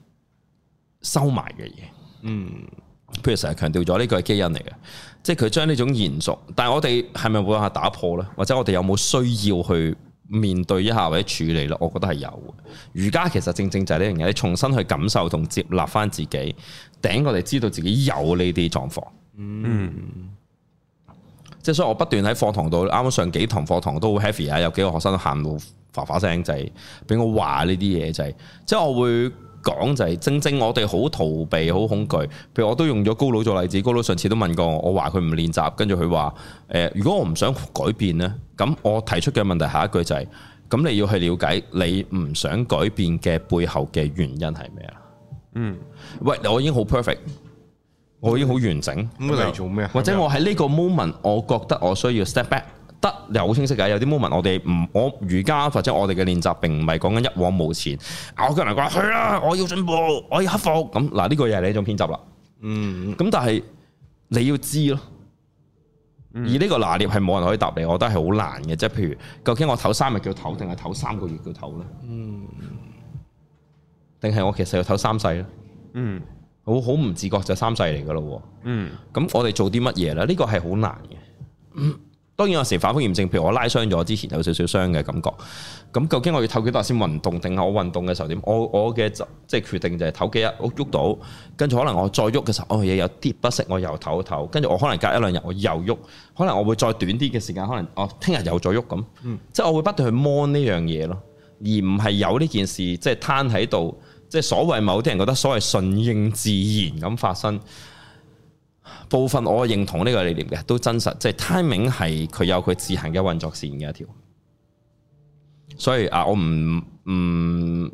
收埋嘅嘢？嗯，譬如成日強調咗呢個係基因嚟嘅，即係佢將呢種延續，但係我哋係咪會下打破呢？或者我哋有冇需要去？面對一下或者處理咯，我覺得係有嘅。瑜伽其實正正就係呢樣嘢，你重新去感受同接納翻自己，頂我哋知道自己有呢啲狀況。嗯，嗯，即係所以我不斷喺課堂度，啱啱上幾堂課堂都好 heavy 啊，有幾個學生都喊到發發聲仔，就係俾我話呢啲嘢就係，即係我會。講就係正正我哋好逃避，好恐懼。譬如我都用咗高佬做例子，高佬上次都問過我，我話佢唔練習，跟住佢話：誒、呃，如果我唔想改變呢，咁我提出嘅問題下一句就係、是：咁你要去了解你唔想改變嘅背後嘅原因係咩啊？嗯，喂，我已經好 perfect，我已經好完整。咁嚟做咩？或者我喺呢個 moment，我覺得我需要 step back。嗯得又好清晰嘅，有啲 moment 我哋唔，我，我瑜伽或者我哋嘅練習，並唔係講緊一往無前咬腳嚟講，去啦！我要進步，我要克服咁。嗱，呢個又係你一種偏執啦。嗯，咁但係你要知咯，而呢個拿捏係冇人可以答你，我覺得係好難嘅，即係譬如，究竟我唞三日叫唞，定係唞三個月叫唞咧？嗯，定係我其實要唞三世咧？嗯，我好唔自覺就三世嚟噶咯。嗯，咁我哋做啲乜嘢咧？呢個係好難嘅。嗯。當然有時反覆炎症，譬如我拉傷咗，之前有少少傷嘅感覺。咁究竟我要唞幾多日先運動？定係我運動嘅時候點？我我嘅即係決定就係唞幾日，喐到，跟住可能我再喐嘅時候，我、哦、又有啲不適，我又唞一唞。跟住我可能隔一兩日我又喐，可能我會再短啲嘅時間，可能哦聽日又再喐咁。嗯、即係我會不斷去摸呢樣嘢咯，而唔係有呢件事即係攤喺度，即係所謂某啲人覺得所謂順應自然咁發生。部分我認同呢個理念嘅，都真實，即係 timing 係佢有佢自行嘅運作線嘅一條，所以啊，我唔唔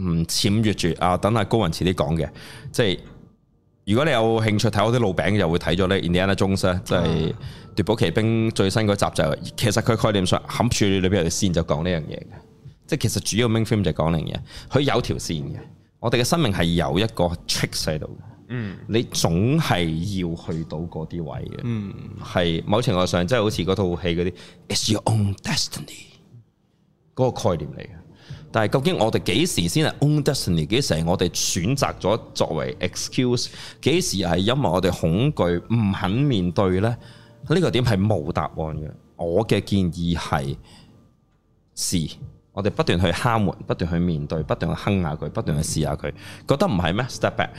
唔僭越住啊，等阿高雲遲啲講嘅，即係如果你有興趣睇我啲老餅，就會睇咗咧。Indiana Jones、啊、即係奪寶奇兵最新嗰集就是，其實佢概念上冚住裏邊嘅線就講呢樣嘢嘅，即係其實主要 main theme 就講呢樣嘢，佢有條線嘅，我哋嘅生命係有一個 trick 喺度。嗯，你總係要去到嗰啲位嘅，係、嗯、某程度上即係好似嗰套戲嗰啲，It's your own destiny 嗰、嗯、個概念嚟嘅。但係究竟我哋幾時先係 own destiny？幾時係我哋選擇咗作為 excuse？幾時係因為我哋恐懼唔肯面對呢？呢、呢個點係冇答案嘅。我嘅建議係，試，我哋不斷去敲門，不斷去面對，不斷去哼下佢，不斷去試下佢，覺得唔係咩？Step back。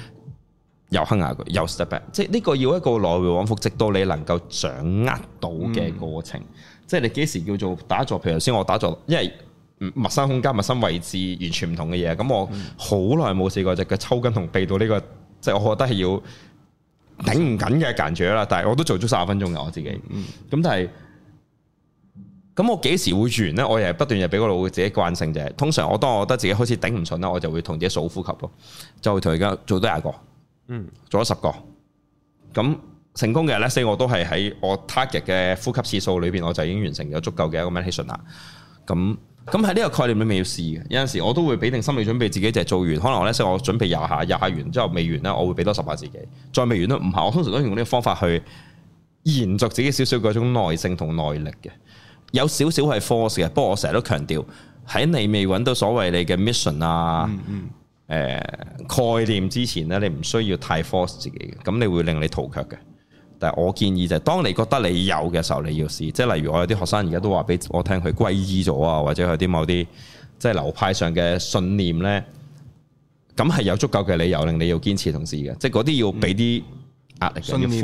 又哼下句，又 step back，即係呢個要一個來回往復，直到你能夠掌握到嘅過程。嗯、即係你幾時叫做打坐？譬如頭先我打坐，因為陌生空間、陌生位置，完全唔同嘅嘢。咁我好耐冇試過，隻腳抽筋同痹到呢、這個，即係我覺得係要頂唔緊嘅間距啦。但係我都做足三十分鐘嘅我自己，咁、嗯嗯、但係咁我幾時會完呢？我又係不斷又俾個腦自己慣性啫。通常我當我覺得自己開始頂唔順啦，我就會同自己數呼吸咯，就同而家做多廿個。嗯，做咗十個咁成功嘅，呢四個都係喺我 target 嘅呼吸次數裏邊，我就已經完成咗足夠嘅一個 mission 啦。咁咁喺呢個概念裏面要試嘅，有陣時我都會俾定心理準備，自己就係做完，可能我呢四我準備廿下，廿下完之後未完咧，我會俾多十下自己，再未完都唔係，我通常都用呢個方法去延續自己少少嗰種耐性同耐力嘅，有少少係 force 嘅。不過我成日都強調喺你未揾到所謂你嘅 mission 啊，嗯，嗯。誒、呃、概念之前咧，你唔需要太 force 自己嘅，咁你會令你逃卻嘅。但係我建議就係、是，當你覺得你有嘅時候，你要試。即係例如我有啲學生而家都話俾我聽，佢皈依咗啊，或者有啲某啲即係流派上嘅信念咧，咁係有足夠嘅理由令你要堅持同試嘅。即係嗰啲要俾啲壓力嘅、嗯、信念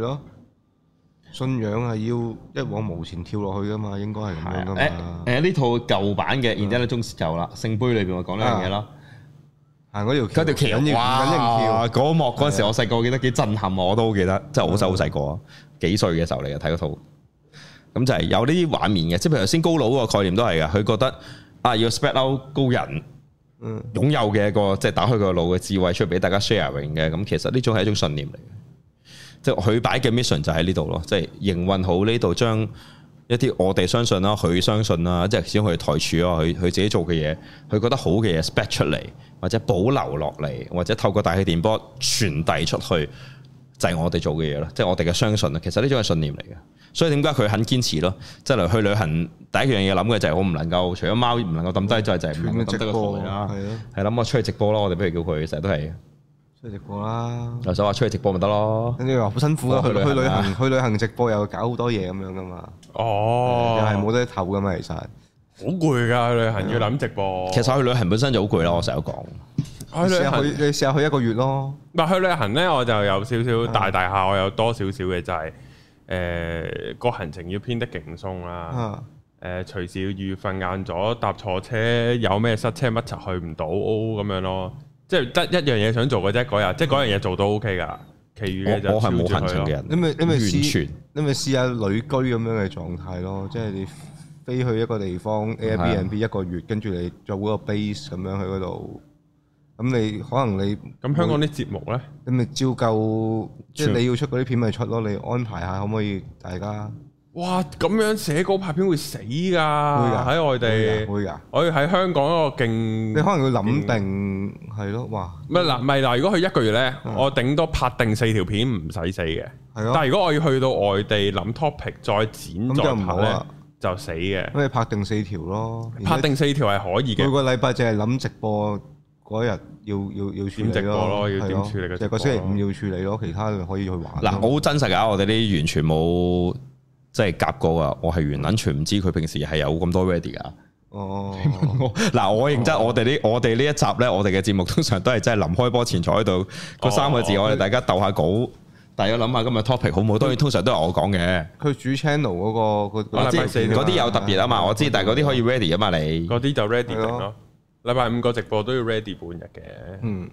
咯，信仰係要一往無前跳落去噶嘛，應該係咁樣。誒呢、欸欸欸欸、套舊版嘅《聖經》中就有啦，《聖杯裡面、嗯》裏邊我講呢樣嘢啦。啊行嗰條嗰條橋已經哇！嗰哇幕嗰時我細個我記得幾的震撼，我都記得，即係真係好細好細個，幾歲嘅時候嚟嘅。睇嗰套，咁就係有呢啲畫面嘅，即係譬如頭先高佬個概念都係嘅。佢覺得啊要 spread out 高人，嗯，擁有嘅一個即係打開佢個腦嘅智慧出嚟俾大家 sharing 嘅，咁其實呢種係一種信念嚟嘅，即係佢擺嘅 mission 就喺呢度咯，即係營運好呢度將。一啲我哋相信啦，佢相信啦，即係始終佢台柱啊，佢佢自己做嘅嘢，佢覺得好嘅嘢，spec 出嚟或者保留落嚟，或者透過大氣電波傳遞出去，就係我哋做嘅嘢咯，即係我哋嘅相信啦。其實呢種係信念嚟嘅，所以點解佢肯堅持咯。即係嚟去旅行第一樣嘢諗嘅就係我唔能夠，除咗貓唔能夠抌低就唔能夠抌低個台啊，係諗我出去直播咯。我哋不如叫佢成日都係。去直播啦！我想話出去直播咪得咯。跟住話好辛苦啊，去去旅行，去旅行直播又搞好多嘢咁樣噶嘛。哦，又係冇得唞噶嘛。其實好攰噶。去旅行要諗直播。其實去旅行本身就好攰啦，我成日講。去旅行，你試下去一個月咯。唔去旅行咧，我就有少少大大下，我有多少少嘅就係，誒個行程要編得勁鬆啦。誒，隨時要瞓晏咗，搭錯車，有咩塞車乜柒去唔到，咁樣咯。即係得一樣嘢想做嘅啫，嗰日即係嗰樣嘢做到 OK 㗎，嗯、其餘嘅就超盡佢咯。你咪你咪試，完全你咪試下旅居咁樣嘅狀態咯，即係你飛去一個地方 Airbnb 一個月，跟住、啊、你做嗰個 base 咁樣去嗰度。咁你可能你咁香港啲節目咧，你咪照夠，即係全你要出嗰啲片咪出咯，你安排下可唔可以大家？哇！咁樣寫稿拍片會死噶，會呀，喺外地會噶，我要喺香港我勁。你可能要諗定係咯，哇！咪嗱咪嗱，如果佢一個月咧，我頂多拍定四條片唔使死嘅。係咯。但係如果我要去到外地諗 topic 再剪再拍咧，就死嘅。咁你拍定四條咯，拍定四條係可以嘅。每個禮拜淨係諗直播嗰日要要要處理直播咯，要點處理嘅？就個星期五要處理咯，其他可以去玩。嗱，我好真實噶，我哋啲完全冇。即係夾過啊！我係完全唔知佢平時係有咁多 ready 㗎！哦，嗱，我認真，我哋呢我哋呢一集呢，我哋嘅節目通常都係真係臨開波前坐喺度，嗰三個字我哋大家鬥下稿，大家諗下今日 topic 好唔好？當然通常都係我講嘅。佢主 channel 嗰個禮拜四，我知嗰啲有特別啊嘛，我知，但係嗰啲可以 ready 啊嘛，你嗰啲就 ready 定咯。禮拜五個直播都要 ready 半日嘅，嗯，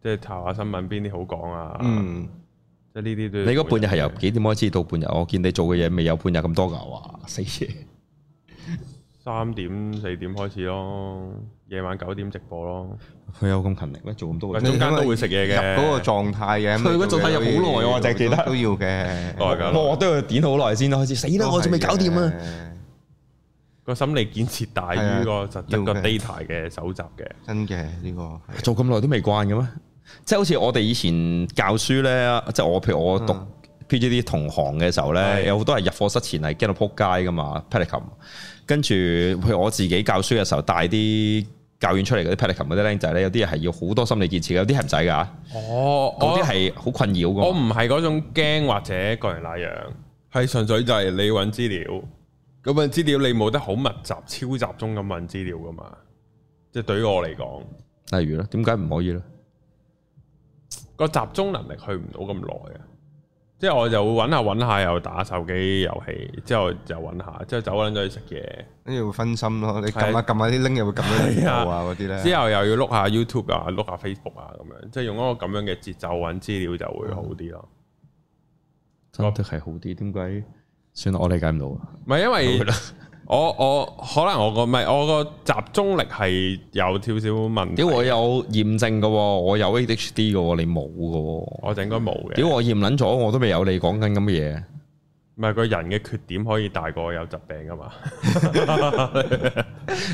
即係查下新聞邊啲好講啊，嗯。呢啲都，你個半日係由幾點開始到半日？我見你做嘅嘢未有半日咁多㗎哇！死嘢，三點四點開始咯，夜晚九點直播咯。佢有咁勤力咩？做咁多時間，中間都會食嘢嘅。入嗰個狀態嘅，佢個狀態入好耐，我淨係記得都要嘅。我都要點好耐先咯，開始死啦！我仲未搞掂啊。個心理建設大於個一個 data 嘅搜集嘅，真嘅呢個做咁耐都未慣嘅咩？即係好似我哋以前教書咧，即係我譬如我讀 PGD 同行嘅時候咧，嗯、有好多係入課室前係驚到撲街噶嘛 Pelican、um、n 跟住譬如我自己教書嘅時候，帶啲教員出嚟嗰啲 Pelican 嗰啲僆仔咧，有啲係要好多心理建設嘅，有啲係唔使噶。哦，嗰啲係好困擾嘅、哦。我唔係嗰種驚或者個人那樣，係純粹就係你揾資料。咁樣資料你冇得好密集、超集中咁揾資料噶嘛？即係對於我嚟講，例如咧，點解唔可以咧？個集中能力去唔到咁耐啊！即係我就會搵下搵下又打手機遊戲，之後就搵下，之後走翻咗去食嘢，跟住會分心咯。的你撳下撳下啲拎又會撳咗啲啊啲咧。的些之後又要碌下 YouTube 啊，碌下 Facebook 啊咁樣，即係用一個咁樣嘅節奏搵資料就會好啲咯。真係係好啲，點解？算啦，我理解唔到啊！唔係因為。 我我可能我個唔係我個集中力係有少少問題。屌我有驗證噶，我有 ADHD 噶，你冇噶？我就應該冇嘅。屌我驗捻咗，我都未有你講緊咁嘅嘢。唔係個人嘅缺點可以大過有疾病噶嘛？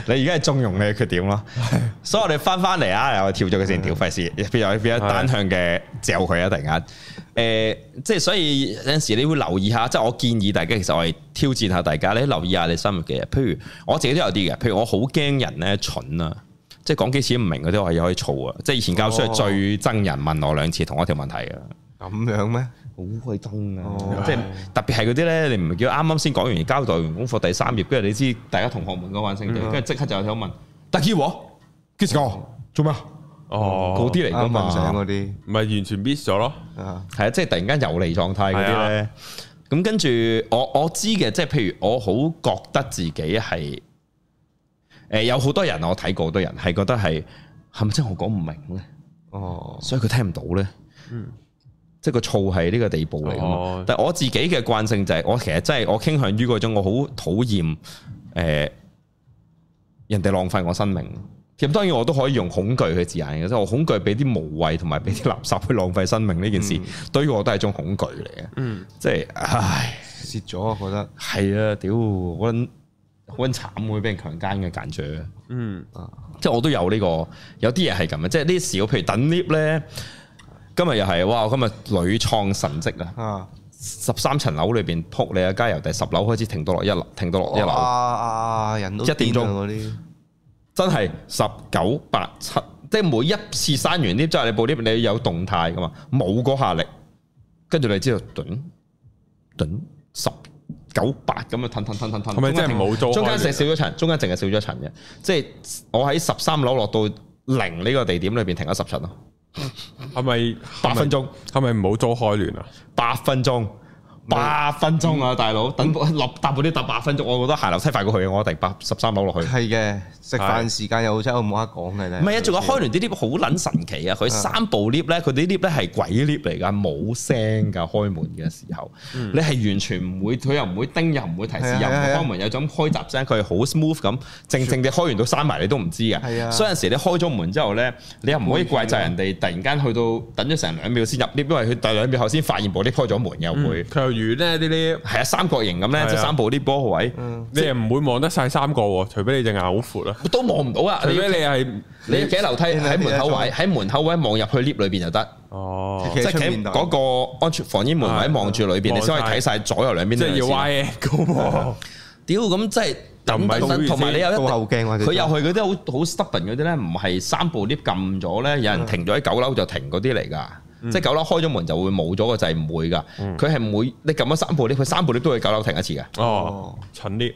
你而家係縱容你嘅缺點咯。 所以我哋翻翻嚟啊，又跳咗佢先跳，費事變咗變咗單向嘅，嚼佢啊！突然間。誒、呃，即係所以有陣時，你會留意下，即係我建議大家，其實我係挑戰下大家你留意下你生活嘅，譬如我自己都有啲嘅，譬如我好驚人咧蠢啊，即係講幾次唔明嗰啲，我係可以嘈啊。即係以前教書係最憎人問我兩次同一條問題嘅。咁樣咩？好鬼憎啊！哦、即係特別係嗰啲咧，你唔係叫啱啱先講完交代完功課第三頁，跟住你知大家同學們嗰班先，跟住即刻就想問，第二個幾時教做咩？哦，嗰啲嚟噶嘛？想嗰啲，唔係完全 miss 咗咯。係啊，即係突然間游離狀態嗰啲咧。咁、啊、跟住，我我知嘅，即係譬如我好覺得自己係誒、呃，有好多人我睇過，好多人係覺得係，係咪真係我講唔明咧？哦，所以佢聽唔到咧。嗯，即係個嘈係呢個地步嚟噶嘛？哦、但係我自己嘅慣性就係、是，我其實真係我傾向於嗰種，我好討厭誒，人哋浪費我生命。咁當然我都可以用恐懼去自眼嘅，即係我恐懼俾啲無謂同埋俾啲垃圾去浪費生命呢件事，嗯、對於我都係一種恐懼嚟嘅。嗯，即係唉，蝕咗覺得係啊！屌，好撚好撚慘啊！會俾人強姦嘅簡絕，嗯，即係我都有呢、呢個，有啲嘢係咁嘅。即係呢啲小，譬如等 lift 咧，今日又係，哇！我今日屢創神蹟啊！十三層樓裏邊撲你啊！加油，第十樓開始停到落一樓，停到落一樓啊！人都一點鐘啲。 1 啊真係十九八七，即係每一次閂完 lift，即係你部 lift，你有動態噶嘛？冇嗰下力，跟住你知道短短十九八咁樣吞吞吞吞吞，係咪真係冇做？中間石、啊、少咗層，中間淨係少咗層嘅，即係我喺十三樓落到零呢個地點裏邊停咗十七咯，係咪八分鐘？係咪冇做開聯啊？八分鐘。八分鐘啊，大佬，等搭部啲搭八分鐘，我覺得行樓梯快過去，我第八十三樓落去。係嘅，食飯時間又真係冇得講嘅。唔係啊，仲講的開,開門啲 lift 好撚神奇啊！佢三部 lift 咧，佢啲 lift 咧係鬼 lift 嚟㗎，冇聲㗎開門嘅時候，嗯、你係完全唔會，佢又唔會叮，又唔會提示，的又唔開門，有種開閘聲，佢係好 smooth 咁，靜靜地開完到閂埋你都唔知㗎。的所以有陣時你開咗門之後咧，你又唔可以怪責人哋突然間去到等咗成兩秒先入 lift，因為佢等兩秒後先發現部 lift 開咗門又會。嗯遠咧啲啲係啊三角形咁咧，即三部啲波位，你唔會望得晒三個，除非你隻眼好闊啦。都望唔到啊！除非你係你企樓梯喺門口位，喺門口位望入去 lift 裏邊就得。哦，即係嗰個安全防煙門位望住裏邊，你先可以睇晒左右兩邊。即係要歪嘅咁，屌咁即係同埋同埋你有一後鏡，佢入去嗰啲好好 stubin 嗰啲咧，唔係三部 lift 撳咗咧，有人停咗喺九樓就停嗰啲嚟噶。即係九樓開咗門就會冇咗個掣，唔會㗎。佢係每你撳咗三部 lift，佢三部 lift 都會九樓停一次嘅。哦，蠢啲。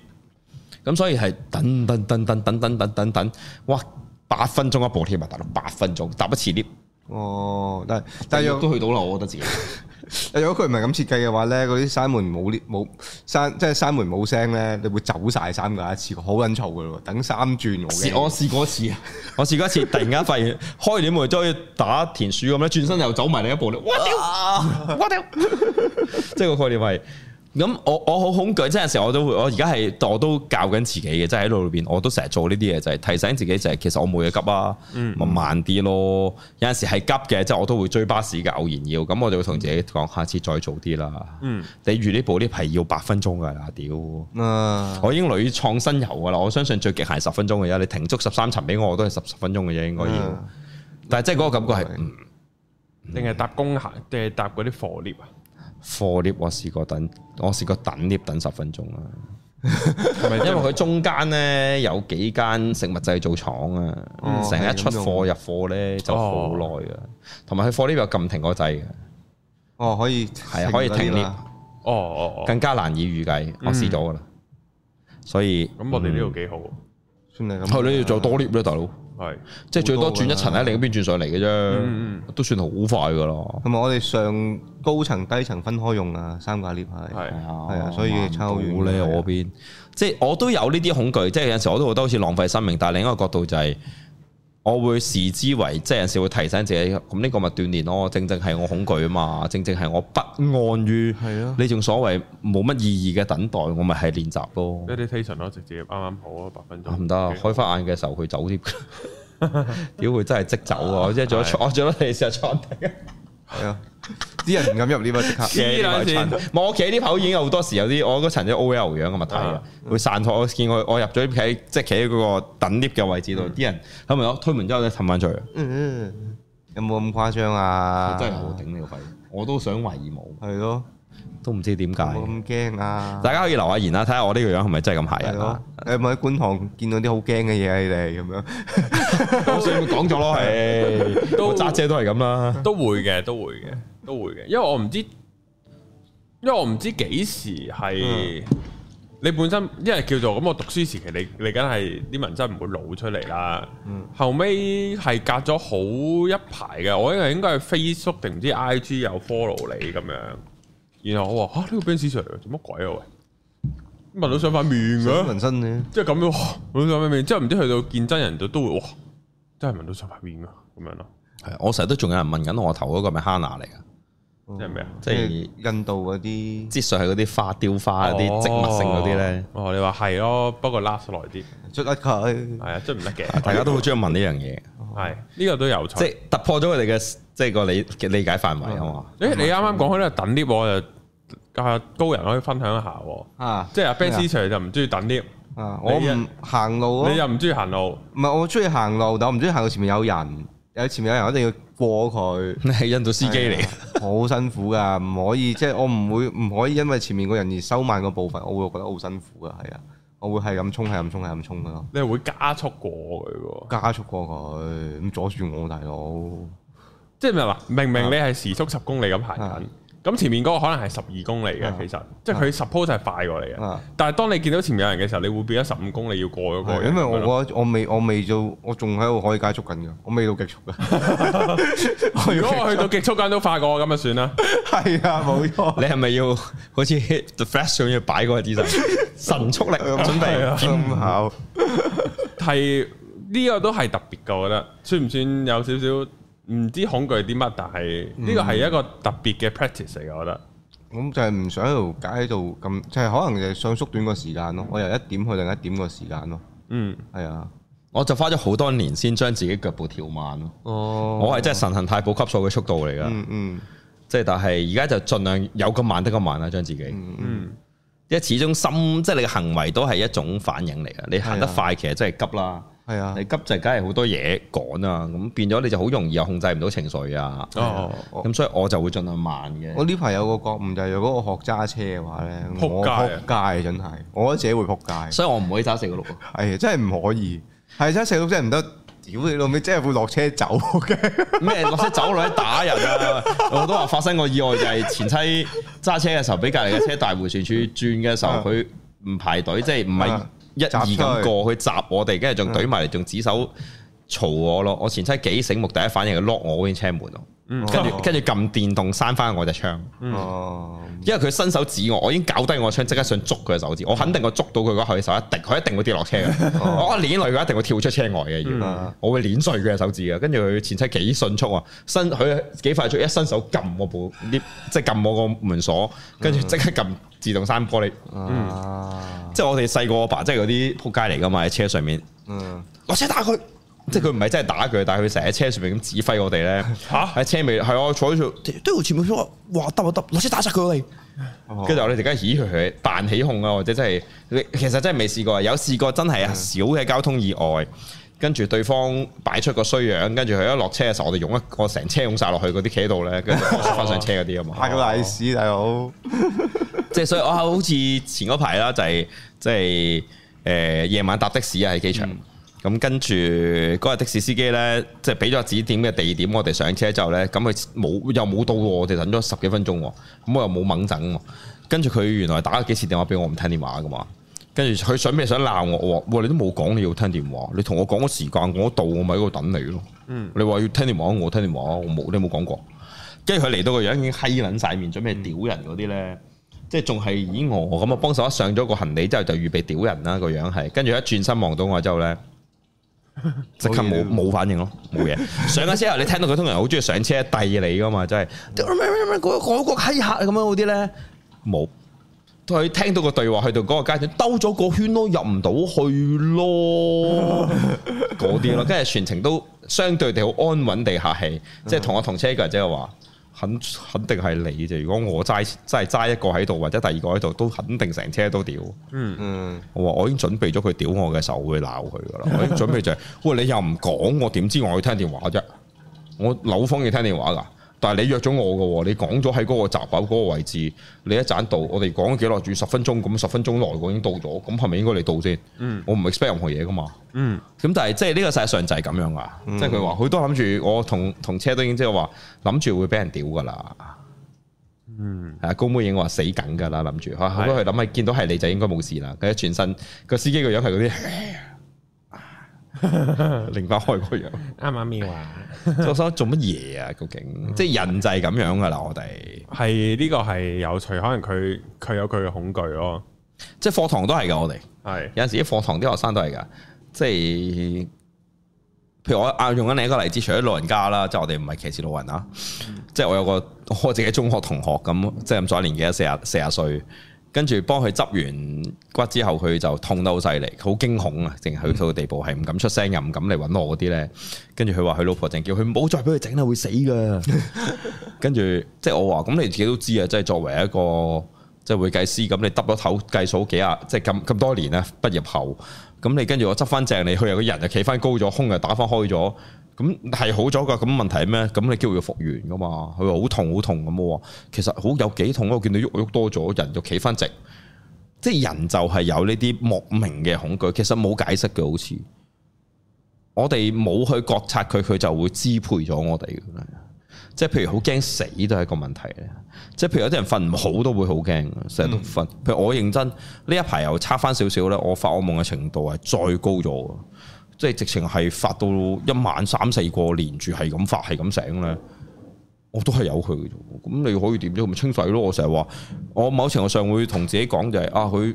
咁所以係等等等等等等等等，等，哇！八分鐘一步添，嘛，大佬，八分鐘搭一次 lift。哦，但但若都去到啦，我覺得自己。但 如果佢唔係咁設計嘅話咧，嗰啲閂門冇啲冇閂，即係閂門冇聲咧，你會走晒閂嘅一次，好撚躁嘅咯。等三轉我我試過一次， 我試過一次，突然間發現開完啲門，即係打田鼠咁咧，轉身又走埋另一步咧，我屌，我屌，即係個概念係。咁我我好恐懼，即係有時我都會，我而家係我都教緊自己嘅，即係喺腦裏邊，我都成日做呢啲嘢，就係、是、提醒自己就係、是，其實我冇嘢急啊，嗯、慢啲咯。有陣時係急嘅，即、就、係、是、我都會追巴士嘅，偶然要，咁我就會同自己講，下次再做啲啦。嗯、你預呢部呢排要八分鐘噶，啊屌、嗯！我已經屢創新游噶啦，我相信最極限十分鐘嘅啫，你停足十三層俾我，我都係十十分鐘嘅啫，應該要。嗯嗯、但係即係嗰個感覺係，定係、嗯、搭公行定係搭嗰啲火 lift 啊？貨 lift 我試過等，我試過等 lift 等十分鐘 啊，係咪因為佢中間咧有幾間食物製造廠啊，成日出貨入貨咧就好耐噶，同埋佢貨 lift 有撳停個掣噶，哦可以係啊可以停 lift，哦哦哦，更加難以預計，我試咗噶啦，嗯、所以咁、嗯、我哋呢度幾好，算係咁、哦，你要做多 lift 咧大佬。係，即係最多轉一層喺你嗰邊轉上嚟嘅啫，嗯嗯都算好快噶啦。同埋我哋上高層、低層分開用是啊，三個呢排，lift 係，係啊，所以差好遠咧我邊，即係我都有呢啲恐懼，即係有陣時我都覺得好似浪費生命，但係另一個角度就係、是。我會視之為，即係有時會提醒自己，咁呢個咪鍛鍊咯。正正係我恐懼啊嘛，正正係我不安於。係啊！你仲所謂冇乜意義嘅等待，我咪係練習咯。一啲提神咯，直接啱啱好啊，八分鐘。唔得，開花眼嘅時候佢走添。屌佢真係即走啊！即咗做得你成日坐地啊！係啊，啲人唔敢入呢個，嗯，即刻驚埋我企喺啲口已經好多時，有啲我嗰層啲 O L 樣嘅物體，會散開。我見我我入咗企，即係企喺嗰個等 lift 嘅位置度，啲、嗯、人咁咪咯，推門之後咧褪翻出。嗯嗯，有冇咁誇張啊？真係我頂你個肺，我都想懷疑冇。係咯。都唔知點解，咁驚啊！大家可以留下言啦，啊，睇下我呢個樣係咪真係咁嚇人啊？誒、哦，咪喺觀塘見到啲好驚嘅嘢你哋咁樣，所以講咗咯，係揸車都係咁啦，都會嘅，都會嘅，都會嘅，因為我唔知，因為我唔知幾時係、嗯、你本身，因為叫做咁，我讀書時期你你梗係啲文字唔會老出嚟啦。嗯，後尾係隔咗好一排嘅，我因為應該係 Facebook 定唔知 IG 有 follow 你咁樣。然後我話嚇呢個 Benz 出嚟嘅做乜鬼啊喂，聞到上塊面嘅，紋身嘅，即係咁樣，聞到上塊面，即係唔知去到見真人就都會哇，真係聞到上塊面啊。咁樣咯。係，我成日都仲有人問緊我，我頭嗰個係咪 Hana 嚟㗎？即係咩啊？即係印度嗰啲，即係係嗰啲花雕花嗰啲、哦、植物性嗰啲咧。哦，你話係咯，不過 last 耐啲，出得佢係啊，出唔得嘅。大家都好中意問呢樣嘢，係呢、 呢個都有錯，即係突破咗佢哋嘅即係個理嘅理解範圍啊嘛。誒、嗯，你啱啱講開咧，等啲我。教下高人可以分享一下喎，啊，即係阿 Ben sir 就唔中意等啲，啊，我唔行路，你又唔中意行路，唔係我中意行路，但我唔中意行到前面有人，有前面有人一定要過佢，你係印度司機嚟，好辛苦噶，唔可以即係我唔會唔可以因為前面嗰人而收慢個步伐，我會覺得好辛苦噶，係啊，我會係咁衝，係咁衝，係咁衝咯，你係會加速過佢，加速過佢，咁阻住我大佬，即係明明明你係時速十公里咁行緊。咁前面嗰個可能係十二公里嘅，啊、其實即係佢 suppose 係快過你嘅。啊、但係當你見到前面有人嘅時候，你會變咗十五公里要過嗰個人，因為我吧我我未我未做，我仲喺度可以加速緊㗎，我未到極速㗎。如果我去到極速間都快過，咁就算啦。係 啊，冇錯。 你係咪要好似 hit the flash 上要擺嗰個姿勢，神速力， 神速力準備 啊？咁好， 係、這、呢個都係特別㗎，我覺得算唔算有少少？唔知恐懼啲乜，但係呢個係一個特別嘅 practice 嚟，嗯、我覺得。咁、嗯嗯、就係唔想喺度解喺度咁，就係、是、可能就係想縮短個時間咯。我由一點去另一點個時間咯。嗯，係啊，我就花咗好多年先將自己腳步調慢咯。哦，我係真係神行太保級數嘅速度嚟㗎、嗯。嗯即係但係而家就盡量有咁慢得咁慢啦，將自己。嗯即、嗯、因為始終心即係、就是、你嘅行為都係一種反應嚟㗎。你行得快其實真係急啦。係啊，你急就梗係好多嘢趕啊，咁變咗你就好容易又控制唔到情緒啊。哦，咁所以我就會盡量慢嘅。我呢排有個覺悟就係如果我學揸車嘅話咧，撲街啊！撲街真係，我覺得自己會撲街，所以我唔可以揸四個六。係真係唔可以，係揸四個六真係唔得。屌你老味，真係會落車走咩？落 車走落去打人啊！我都話發生過意外，就係前妻揸車嘅時候，俾隔離嘅車大迴旋處轉嘅時候，佢唔排隊，即係唔係？是一二咁過去襲我哋，跟住仲懟埋嚟，仲指手嘈我咯。嗯、我前妻幾醒目，第一反應係 lock 我嗰啲車門咯。跟住跟住撳電動閂翻我隻窗，嗯、因為佢伸手指我，我已經搞低我槍，即刻想捉佢隻手指，我肯定我捉到佢嗰手一定，佢一定會跌落車嘅，嗯、我捏累佢一定會跳出車外嘅，要、嗯，我會捏碎佢嘅手指嘅。跟住佢前妻幾迅速啊，伸佢幾快速一伸手撳我部啲，即係撳我個門鎖，跟住即刻撳自動閂玻璃。即係我哋細個阿爸，爸，即係嗰啲仆街嚟㗎嘛喺車上面。落我、嗯、車打佢。即係佢唔係真係打佢，但係佢成日喺車上面咁指揮我哋咧。嚇喺、啊、車尾係我、啊、坐喺度，都全部都話：哇，得就得落車打殺佢你。跟住我你哋而家咦佢佢彈起控啊，或者真係其實真係未試過，有試過真係少嘅交通意外，跟住的對方擺出個衰樣，跟住佢一落車嘅時候，我哋用一個成車用晒落去嗰啲企喺度咧，跟住翻上車嗰啲啊嘛。嚇咁大屎大佬！即係所以啊，好似前嗰排啦，就係即係誒夜晚搭的士啊，喺機場。嗯咁跟住嗰日的士司機呢，即係俾咗指點嘅地點，我哋上車之後呢，咁佢冇又冇到，我哋等咗十幾分鐘，咁我又冇掹整。跟住佢原來打咗幾次電話俾我唔聽電話噶嘛，跟住佢想咩想鬧我，我話，你都冇講你要聽電話，你同我講個時間，我個度，我咪喺度等你咯。你話要聽電話我聽電話，我冇你冇講過。跟住佢嚟到個樣已經黑捻晒面，準備屌人嗰啲呢。即係仲係以我咁啊幫手一上咗個行李之後就預備屌人啦個樣係，跟住一轉身望到我之後呢。即刻冇冇反應咯，冇嘢上架車啊！你聽到佢通常好中意上車遞你噶嘛，真係嗰嗰個嘿客咁樣嗰啲咧，冇佢聽到個對話去到嗰個階段，兜咗個圈都入唔到去咯，嗰啲咯，跟住全程都相對地好安穩地下氣，即係同我同車嘅即係話。肯肯定係，你如果我齋真係齋一個喺度或者第二個喺度，都肯定成車都屌、嗯。嗯嗯，我話我已經準備咗佢屌我嘅時候會鬧佢噶啦。我已經準備就係， 喂，你又唔講，我點知我要聽電話啫？我扭方要聽電話噶。但係你約咗我嘅，你講咗喺嗰個閘口嗰個位置，你一陣到，我哋講咗幾耐住十分鐘，咁十分鐘內我已經到咗，咁係咪應該你到先？嗯，我唔 expect 任何嘢噶嘛。嗯，咁但係即係呢個事實上就係咁樣噶，嗯、即係佢話，佢都諗住我同同車都已經即係話諗住會俾人屌噶啦。嗯，啊，高妹已經話死緊噶啦，諗住，佢諗係見到係你就應該冇事啦。佢一轉身，個司機個樣係嗰啲。呃拎返 開嗰樣、 嗯，啱啱咪話，做乜做乜嘢啊？究竟即係人就係咁樣噶啦，我哋係呢個係有趣，可能佢佢有佢嘅恐懼咯。即係課堂都係噶，我哋係是有陣時啲課堂啲學生都係噶。即係譬如我用緊另一個例子，除咗老人家啦，即係我哋唔係歧視老人啊。即係我有個我自己中學同學咁，即係咁在年紀四十四十歲。跟住幫佢執完骨之後，佢就痛到好犀利，好驚恐啊！淨係去到個地步係唔敢出聲，又唔敢嚟揾我嗰啲呢。跟住佢話：佢老婆淨叫佢唔好再俾佢整啦，會死噶。跟住 即係我話：咁你自己都知啊，即係作為一個即係會計師咁，你耷咗頭計數幾啊？即係咁咁多年啦，畢業後。咁你跟住我執翻正，你去，又個人就企翻高咗，胸又打翻開咗，咁係好咗㗎。咁問題咩？咁你都要復原㗎嘛。佢話好痛好痛咁喎。其實好有幾痛咯。我見到喐喐多咗，人就企翻直。即係人就係有呢啲莫名嘅恐懼，其實冇解釋嘅，好似我哋冇去覺察佢，佢就會支配咗我哋即係譬如好驚死都係一個問題嘅，即係譬如有啲人瞓唔好都會好驚，成日都瞓。嗯、譬如我認真呢一排又差翻少少咧，我發惡夢嘅程度係再高咗，即係直情係發到一晚三四個連住係咁發係咁醒咧，我都係有佢。咁你可以點啫？咪清洗咯。我成日話，我某程度上會同自己講就係、是、啊，佢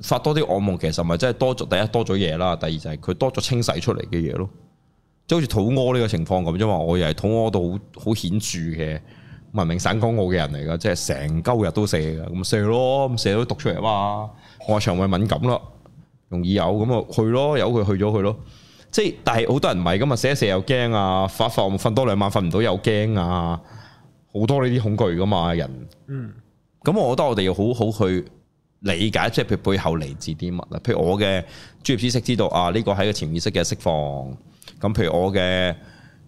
發多啲惡夢其實咪即係多咗第一多咗嘢啦，第二就係佢多咗清洗出嚟嘅嘢咯。即係好似肚屙呢個情況咁啫嘛，我又係肚屙到好顯著嘅，文明省港澳嘅人嚟噶，即係成鳩日都瀉噶，咁瀉咯，咁瀉都讀出嚟啊嘛，我係腸胃敏感啦，容易有咁啊去咯，由佢去咗佢咯，即係但係好多人唔係咁啊，瀉一瀉又驚啊，發放瞓多兩晚瞓唔到又驚啊，好多呢啲恐懼噶嘛人，嗯，咁我覺得我哋要好好去理解，即係譬如背後嚟自啲乜啦，譬如我嘅專業知識知道啊，呢個係個潛意識嘅釋放。咁，譬如我嘅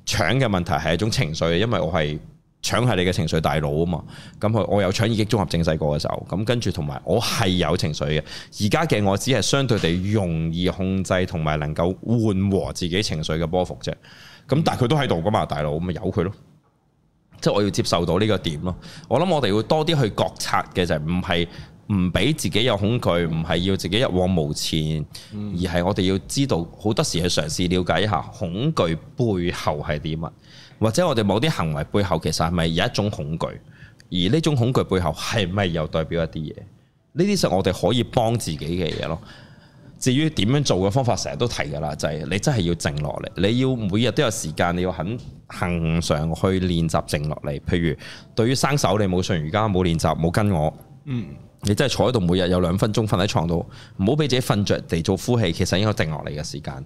腸嘅問題係一種情緒，因為我係腸係你嘅情緒大腦啊嘛。咁佢我有腸易激綜合症細個嘅時候，咁跟住同埋我係有情緒嘅。而家嘅我只係相對地容易控制，同埋能夠緩和自己情緒嘅波幅啫。咁但係佢都喺度噶嘛，大佬咁咪由佢咯，即係我要接受到呢個點咯。我諗我哋要多啲去覺察嘅就唔係。唔俾自己有恐懼，唔係要自己一往無前，而係我哋要知道好多時去嘗試了解一下恐懼背後係啲乜，或者我哋某啲行為背後其實係咪有一種恐懼，而呢種恐懼背後係咪又代表一啲嘢？呢啲係我哋可以幫自己嘅嘢咯。至於點樣做嘅方法，成日都提㗎喇，就係、是、你真係要靜落嚟，你要每日都有時間，你要肯恆常去練習靜落嚟。譬如對於新手你冇信，而家冇練習冇跟我，嗯。你真係坐喺度，每日有兩分鐘瞓喺床度，唔好俾自己瞓着地做呼氣。其實應該定落嚟嘅時間。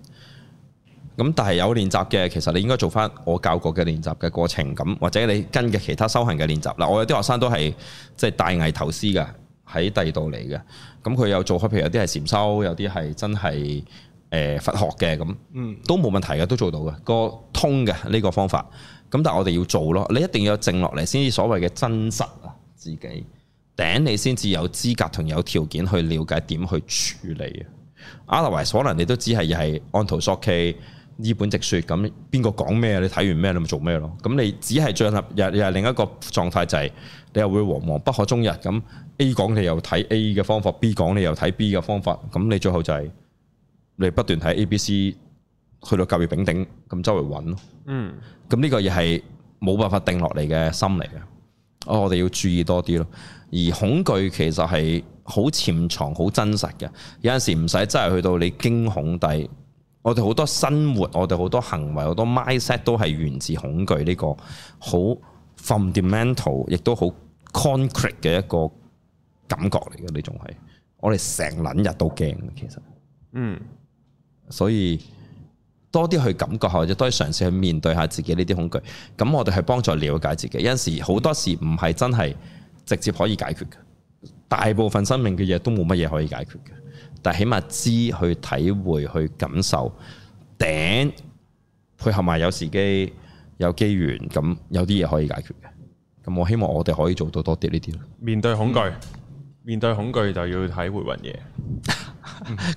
咁但係有練習嘅，其實你應該做翻我教過嘅練習嘅過程咁，或者你跟嘅其他修行嘅練習。嗱，我有啲學生都係即係大毅投師嘅喺第二度嚟嘅，咁佢有做開，譬如有啲係禪修，有啲係真係誒、呃、佛學嘅咁，都冇問題嘅，都做到嘅，那個通嘅呢個方法。咁但係我哋要做咯，你一定要靜落嚟先至所謂嘅真實啊自己。頂你先至有資格同有條件去了解點去處理啊！Otherwise 可能你都只係又係按圖索驥呢本直說咁，邊個講咩？你睇完咩，你咪做咩咯？咁你只係進入又又係另一個狀態，就係、是、你又會惶惶不可終日。咁 A 講你又睇 A 嘅方法，B 講你又睇 B 嘅方法，咁你，你最後就係、是、你不斷睇 A、B、C，去到甲乙丙丁，咁周圍揾咯。嗯，咁呢個亦係冇辦法定落嚟嘅心嚟嘅。哦、我哋要注意多啲咯，而恐懼其實係好潛藏、好真實嘅。有陣時唔使真係去到你驚恐低，但我哋好多生活、我哋好多行為、好多 mindset 都係源自恐懼呢、呢個好 fundamental，亦都好 concrete 嘅一個感覺嚟嘅。呢種係我哋成撚日都驚嘅，其實，嗯，所以。多啲去感覺，或者多啲嘗試去面對下自己呢啲恐懼。咁我哋係幫助了解自己。有陣時好多事唔係真係直接可以解決嘅。大部分生命嘅嘢都冇乜嘢可以解決嘅。但係起碼知去體會、去感受、頂配合埋有時機、有機緣，咁有啲嘢可以解決嘅。咁我希望我哋可以做到多啲呢啲。面對恐懼，嗯、面對恐懼就要睇回魂嘢。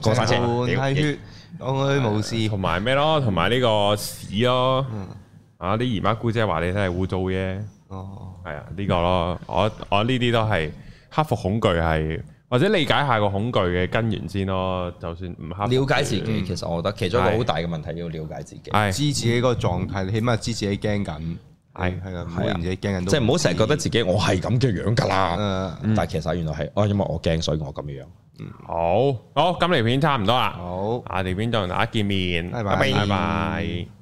上盤係血。當佢冇事，同埋咩咯？同埋呢個屎咯，嗯、啊啲姨媽姑姐話你真係污糟嘅，係、哦、啊呢、這個咯，我我呢啲都係克服恐懼係，或者理解下個恐懼嘅根源先咯。就算唔克服，了解自己，嗯、其實我覺得其中一個好大嘅問題要了解自己，是知自己嗰個狀態，起碼知自己驚緊。係係是對啊，唔知自己驚緊，即係唔好成日覺得自己我係咁嘅樣噶啦。嗯、但係其實原來係，哦，因為我驚，所以我咁嘅樣。好好，哦、今日片差唔多啦。好，啊，下期片再同大家見面，拜拜，拜拜。拜拜